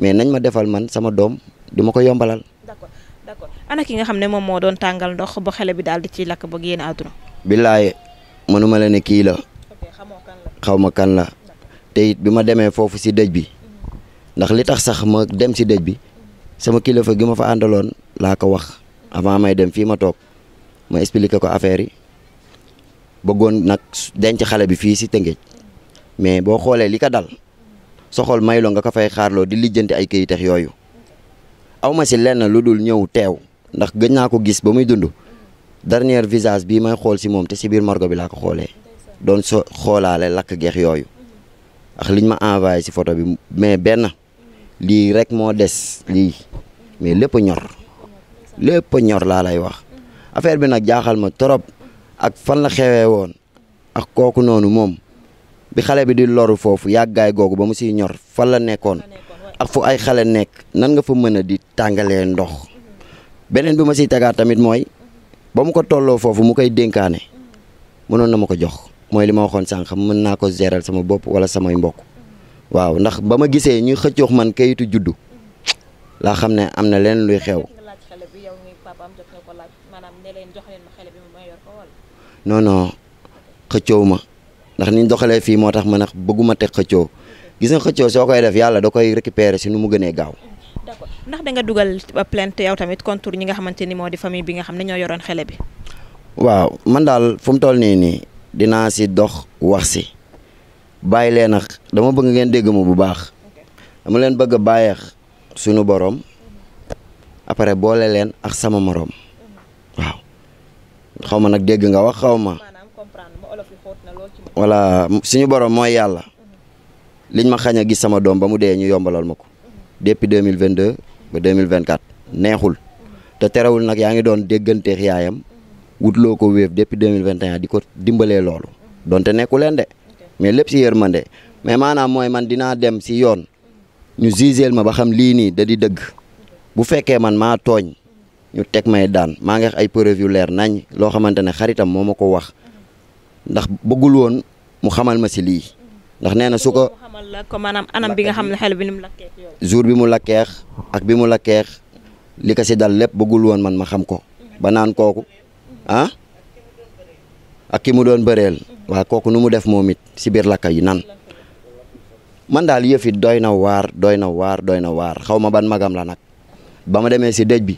mais nañ ma defal man sama doom di ma ko yombalal. d'accord d'accord ki nga xam ne moom moo doon tàngal ndox ba xale bi daal di ciy lakk ba génn àdduna. billaaye mënuma la ne kii la. xaw ma kan la. te it bi ma demee foofu si dëj bi ndax li tax sax ma dem si dëj bi sama kilifa gi ma fa àndaloon laa ko wax avant may dem fii ma toog ma expliqué ko affaire yi bëggoon nag denc xale bi fii si Tëngéej mais boo xoolee li ko dal soxol maylo nga ko fay xaarloo di lijjanti ay këyitex yooyu aw ma si lenn lu dul ñëw teew ndax gën naa ko gis ba muy dund dernier visage bii may xool si moom te si biir morgue bi laa ko xoolee doon so xoolaale lakk geex yooyu ak liñ ma envoyé si photo bi mais benn lii rek moo des lii mais lépp ñor lépp ñor laa lay wax affaire bi nag jaaxal ma torop ak fan la xewee woon ak kooku noonu moom bi xale bi di loru foofu yàggaay googu ba mu siy ñor fan la nekkoon ak fu ay xale nekk nan nga fa mën a di tàngalee ndox beneen bi ma siy tegaat tamit mooy ba mu ko tolloo foofu mu koy dénkaane mënoon na ma ko jox mooy li ma waxoon sànq mën naa ko géral sama bopp wala samay mbokk waaw ndax ba ma gisee ñuy xëccoo man kayitu juddu laa xam ne am na leen luy xew. non non xëccoow ma ndax niñ doxalee fii moo tax ma ne bëgguma te xëccoo gis nga xëccoo soo koy def yàlla da koy récupérer si nu mu gënee gaaw. ndax danga nga dugal plainte yow tamit contre ñi nga xamante ni moo di famille bi nga xam ne ñoo yoroon xele bi. waaw man daal fu mu toll nii nii dinaa si dox wax si bàyyi leen ak dama bëgg ngeen dégg ma bu baax dama leen bëgg a bàyyeex suñu boroom après boole leen ak sama moroom waaw xaw ma nag dégg nga wax xaw ma voilà suñu boroom mooy yàlla liñ ma xañ a gis sama doom ba mu dee ñu yombalal ma ko depuis deux mille vingt deux ba deux vingt quatre neexul te terewul nag yaa ngi doon dégganteex yaayam wutloo ko Wave depuis 2021 di ko dimbalee loolu donte nekku leen de mais lépp si ma yërmande mais maanaam mooy man dinaa dem si yoon ñu jugeel ma ba xam lii nii da di dëgg bu fekkee man maa tooñ ñu teg may daan maa ngi ay preuve nañ loo xamante ne xaritam moo ma ko wax ndax bëggul woon mu xamal ma si lii ndax nee na su ko maanaam anam bi nga xam ne xel bi ni mu lakkee jour bi mu lakkeex ak bi mu lakkeex li ko si dal lépp bëggul woon man ma xam ko ba naan kooku Ah? ak ki mu doon bëreel waa kooku nu mu def moom it si biir lakka yi nan man daal yëf yi doy na waar doy na waar doy na waar xaw ma ban magam la nag ba ma demee si dëj bi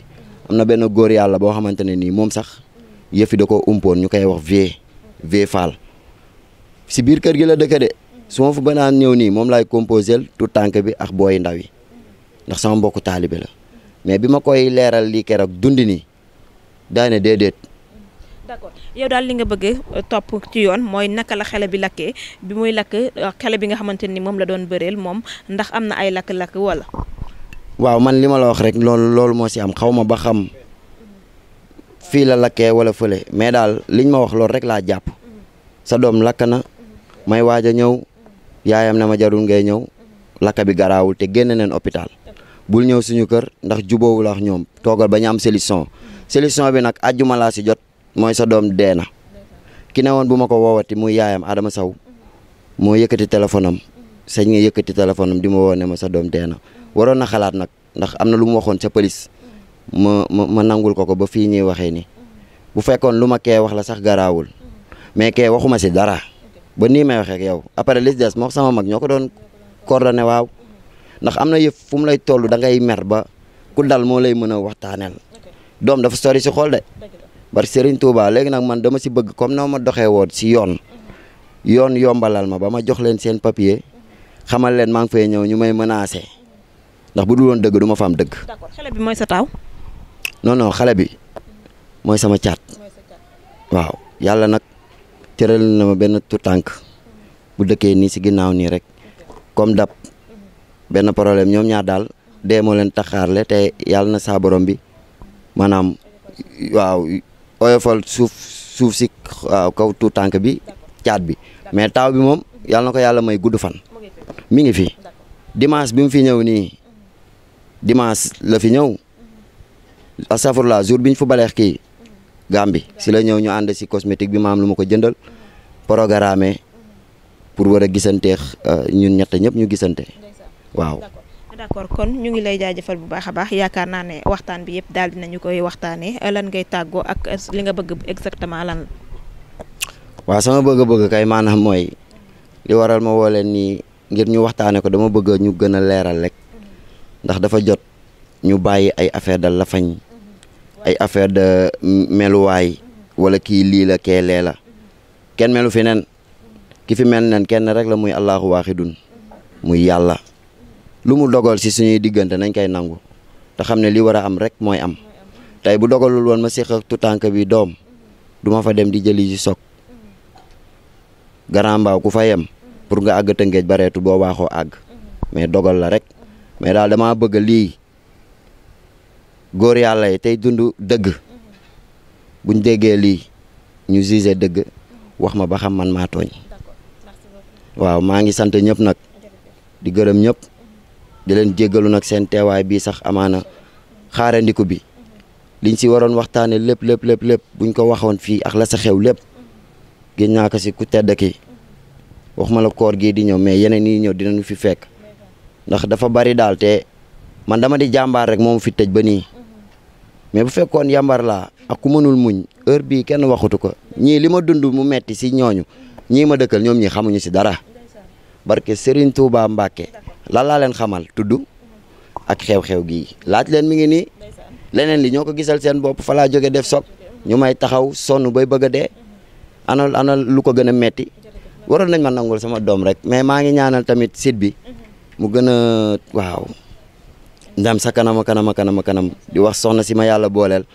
am na benn góor yàlla boo xamante ne nii moom sax yëf yi da koo umpoon ñu koy wax vie vie Fall si biir kër gi la dëkk de su ma fu banaan ñëw nii moom laay composel tout tànk bi ak booy ndaw yi ndax sama mbokku taalibe la mais bi ma koy leeral lii keroog dund nii daane déedéet yow daal li nga bëgg euh, topp ci yoon mooy naka la xele bi lakkee bi muy lakk euh, xele bi nga xamante ni moom la doon bëreel moom ndax am na ay lakk-lakk wala. waaw man li ma la wax rek loolu loolu moo si am xaw ma ba xam fii la lakkee wala fële mais daal liñ ma wax loolu rek laa jàpp sa doom lakk na may waaj a ñëw yaayam na ma jarul ngay ñëw lakk bi garaawul te génn neen hôpital bul ñëw suñu kër ndax jubóowu la wax ñoom toogal ba ñu am solution solution bi nag àjjuma laa si jot. mooy sa doom dee na ki ne woon bu ma ko woowati muy yaayam Adama saw moo yëkkati téléphone am sañ nga yëkkati téléphone di ma woo ne ma sa doom dee na waroon na xalaat nag ndax am na lu mu waxoon sa police ma ma ma nangul ko ko ba fii ñuy waxee nii bu fekkoon lu ma kee wax la sax garaawul mais kee waxuma si dara ba nii may waxee ak yow après li des moo sama mag ñoo ko doon coordonné waaw ndax am na yëf fu mu lay toll da ngay mer ba ku dal moo lay mën a waxtaaneel bari Serigne Touba léegi nag man dama si bëgg comme na ma doxee woon si yoon yoon yombalal ma ba ma jox leen seen papier xamal leen maa ngi fay ñëw ñu may menacé ndax bu dul woon dëgg du ma fa am dëgg. d'accord xale bi mooy xale bi mooy sama caat. waaw yàlla nag tëral na ma benn tout tànk bu dëkkee nii si ginnaaw nii rek comme dab benn problème ñoom ñaar daal dee moo leen taxaarle te yàlla na saa bi maanaam waaw. oyofal suuf suuf si waaw kaw tu tànk bi caat bi mais taaw bi moom yàlla na ko yàlla may gudd fan mi ngi fi dimanche bi mu fi ñëw nii dimanche la fi ñëw astafurlah jour bi ñu fa baleex kii bi si la ñëw ñu ànd si cosmetique bi am lu ma ko jëndal programme pour war a gisanteex euh, ñun ñett ñëpp ñu gisante waaw d'accord kon ñu ngi lay jaajëfal bu baax a baax yaakaar naa bi yëpp daal dinañu koy waxtaanee lan tàggoo ak li nga bëgg exactement la. waaw sama bëgg-bëgg kay maanax mooy li waral ma woo nii ngir ñu waxtaanee ko dama bëgg ñu gën a leeral rek ndax dafa jot ñu bàyyi ay affaire de lafañ ay affaire de meluwaay wala kii lii la kee lee la kenn melu fi nen ki fi mel nen kenn rek la muy allahu waaxidun muy yàlla. lu mu dogal si suñuy diggante nañ koy nangu te xam ne lii war a am rek mooy am tey bu dogalul woon ma séq ak tutànk bi doom du ma fa dem di jëli ji soog Grand ku fa yem pour nga àgg Tëngéej bareetu boo waaxoo àgg mais dogal la rek mais daal damaa bëgg lii góor yàlla yi tey dund dëgg buñ déggee lii ñu gisee dëgg wax ma ba xam man maa tooñ waaw maa ngi sant ñëpp nag di gërëm ñëpp di leen jéggalu nag seen teewaay bii sax amaana xaarandiku bi liñ si waroon waxtaane lépp lépp lépp lépp buñ ko waxoon fii ak la sa xew lépp gén naa ko si ku tedd ki wax ma la koor gii di ñëw mais yeneen yi ñëw dinañu fi fekk ndax dafa bari daal te man dama di jàmbaar rek moomu fi tej ba nii mais bu fekkoon yàmbar laa ak ku mënul muñ heure bii kenn waxutu ko ñii li ma dund mu metti si ñooñu ñii ma dëkkal ñoom ñi xamuñu si dara barke Serigne Touba Mbacke lan laa leen xamal tudd ak xew-xew gii laaj leen mi ngi nii leneen li ñoo ko gisal seen bopp fa laa jóge def soog ñu may taxaw sonn bay bëgg a dee ana ana lu ko gën a metti waroon nañ ma nangul sama doom rek mais maa ngi ñaanal tamit site bi mu gën a waaw ndam sa kanam kanam kanam kanam di wax soxna si ma yàlla booleel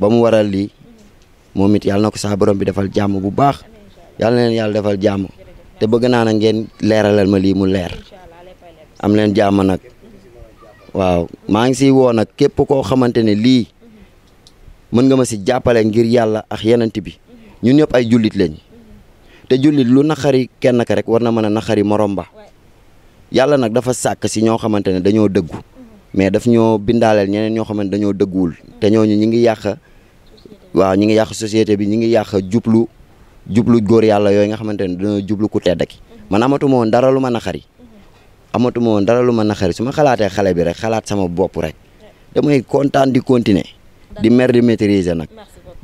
ba mu waral lii moom it yàlla na ko saa borom bi defal jàmm bu baax yàlla na yàlla defal jàmm te bëgg naa na ngeen leeralal ma lii mu leer am leen jàmm nag waaw maa ngi si woo nag képp koo xamante ne lii mën nga ma si jàppale ngir yàlla ak yenent bi ñun ñëpp ay jullit lañ te jullit lu naqari kenn ka rek war na mën a naqari morom ba yàlla nag dafa sàkk si ñoo xamante ne dañoo dëggu mais daf ñoo bindaaleel ñeneen ñoo xamante dañoo dëgguwul te ñooñu ñi ngi yàq waaw ñi ngi yàq société bi ñi ngi yàq jublu jublu góor yàlla yooyu nga xamante ne dañoo jublu ku tedd ki man amatuma woon dara lu ma naqari amatuma woon dara lu ma naqari su ma xalaatee xale bi rek xalaat sama bopp rek damay kontaan di continuer di mer di maîtriser nag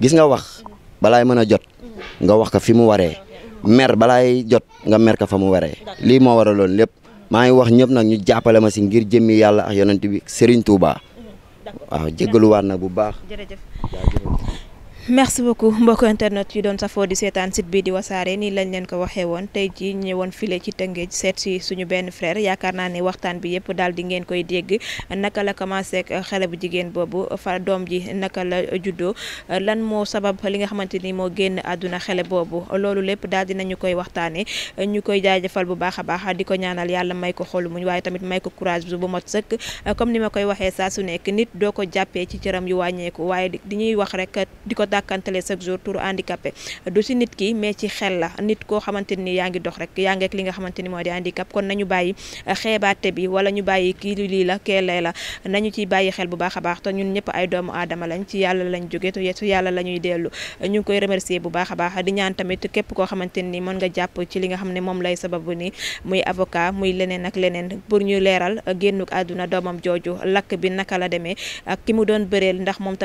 gis nga wax balaay mën a jot mhm. nga wax ko fi mu waree mhm. mer balaay jot nga mer ko fa mu waree lii moo waraloon lépp maa ngi wax ñëpp nag ñu jàppale ma si ngir jëmmi yàlla ak yonent bi Serigne Touba mhm. waaw jéggaluwaat na bu baax. merci beaucoup mbokk internet yi doon safoo di seetaan site bii di wasaare nii lañ leen ko waxee woon tey jii ñëwoon file ci tëngeej seet si suñu benn frère yaakaar naa ne waxtaan bi yëpp daal di ngeen koy dégg naka la commencé ak xale bu jigéen boobu fa doom ji naka la juddoo lan moo sabab li nga xamante ni moo génn àdduna xele boobu loolu lépp daal dinañu koy waxtaanee ñu koy jaajëfal bu baax a baax di ko ñaanal yàlla may ko xol muñ waaye tamit may ko courage bu mot sëkk comme ni ma koy waxee saa su nekk nit doo ko jàppee ci cëram yu wàññeeku waaye ko dàkkantale chaque jour turu handicapé du si nit ki mais ci xel la nit koo xamante ni yaa ngi dox rek yaa ngi ak li nga xamante ni moo di handicap kon nañu bàyyi eh, xeebaate bi wala ñu bàyyi kii lii la kee la nañu ciy bàyyi xel bu baax a baax te ñun ñëpp ay doomu aadama lañ ci yàlla lañ jóge te yàlla la dellu ñu ngi koy remercier bu baax a baax di ñaan tamit képp koo xamante ni mën nga jàpp ci li nga xam ne moom lay sababu ni muy avocat muy leneen ak leneen bi naka la demee ak ki mu doon bëreel ndax moom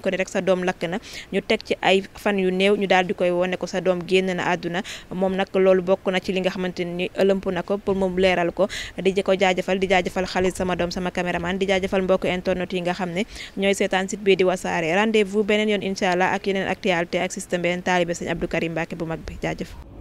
dañ ko ne rek sa doom lakk na ñu teg ci ay fan yu néew ñu daal di koy wone ko sa doom génn na àdduna moom nag loolu bokk na ci li nga xamante ni ëlëmp na ko pour moom leeral ko di ko jaajëfal di jaajëfal xalit sama doom sama caméraman di jaajëfal mbokk internet yi nga xam ne ñooy seetaan site bii di wasaare rendez beneen yoon incha ak yenn actualité ak système beneen taalibe sëñ Abdou Karim Mbacke bu mag bi jaajëf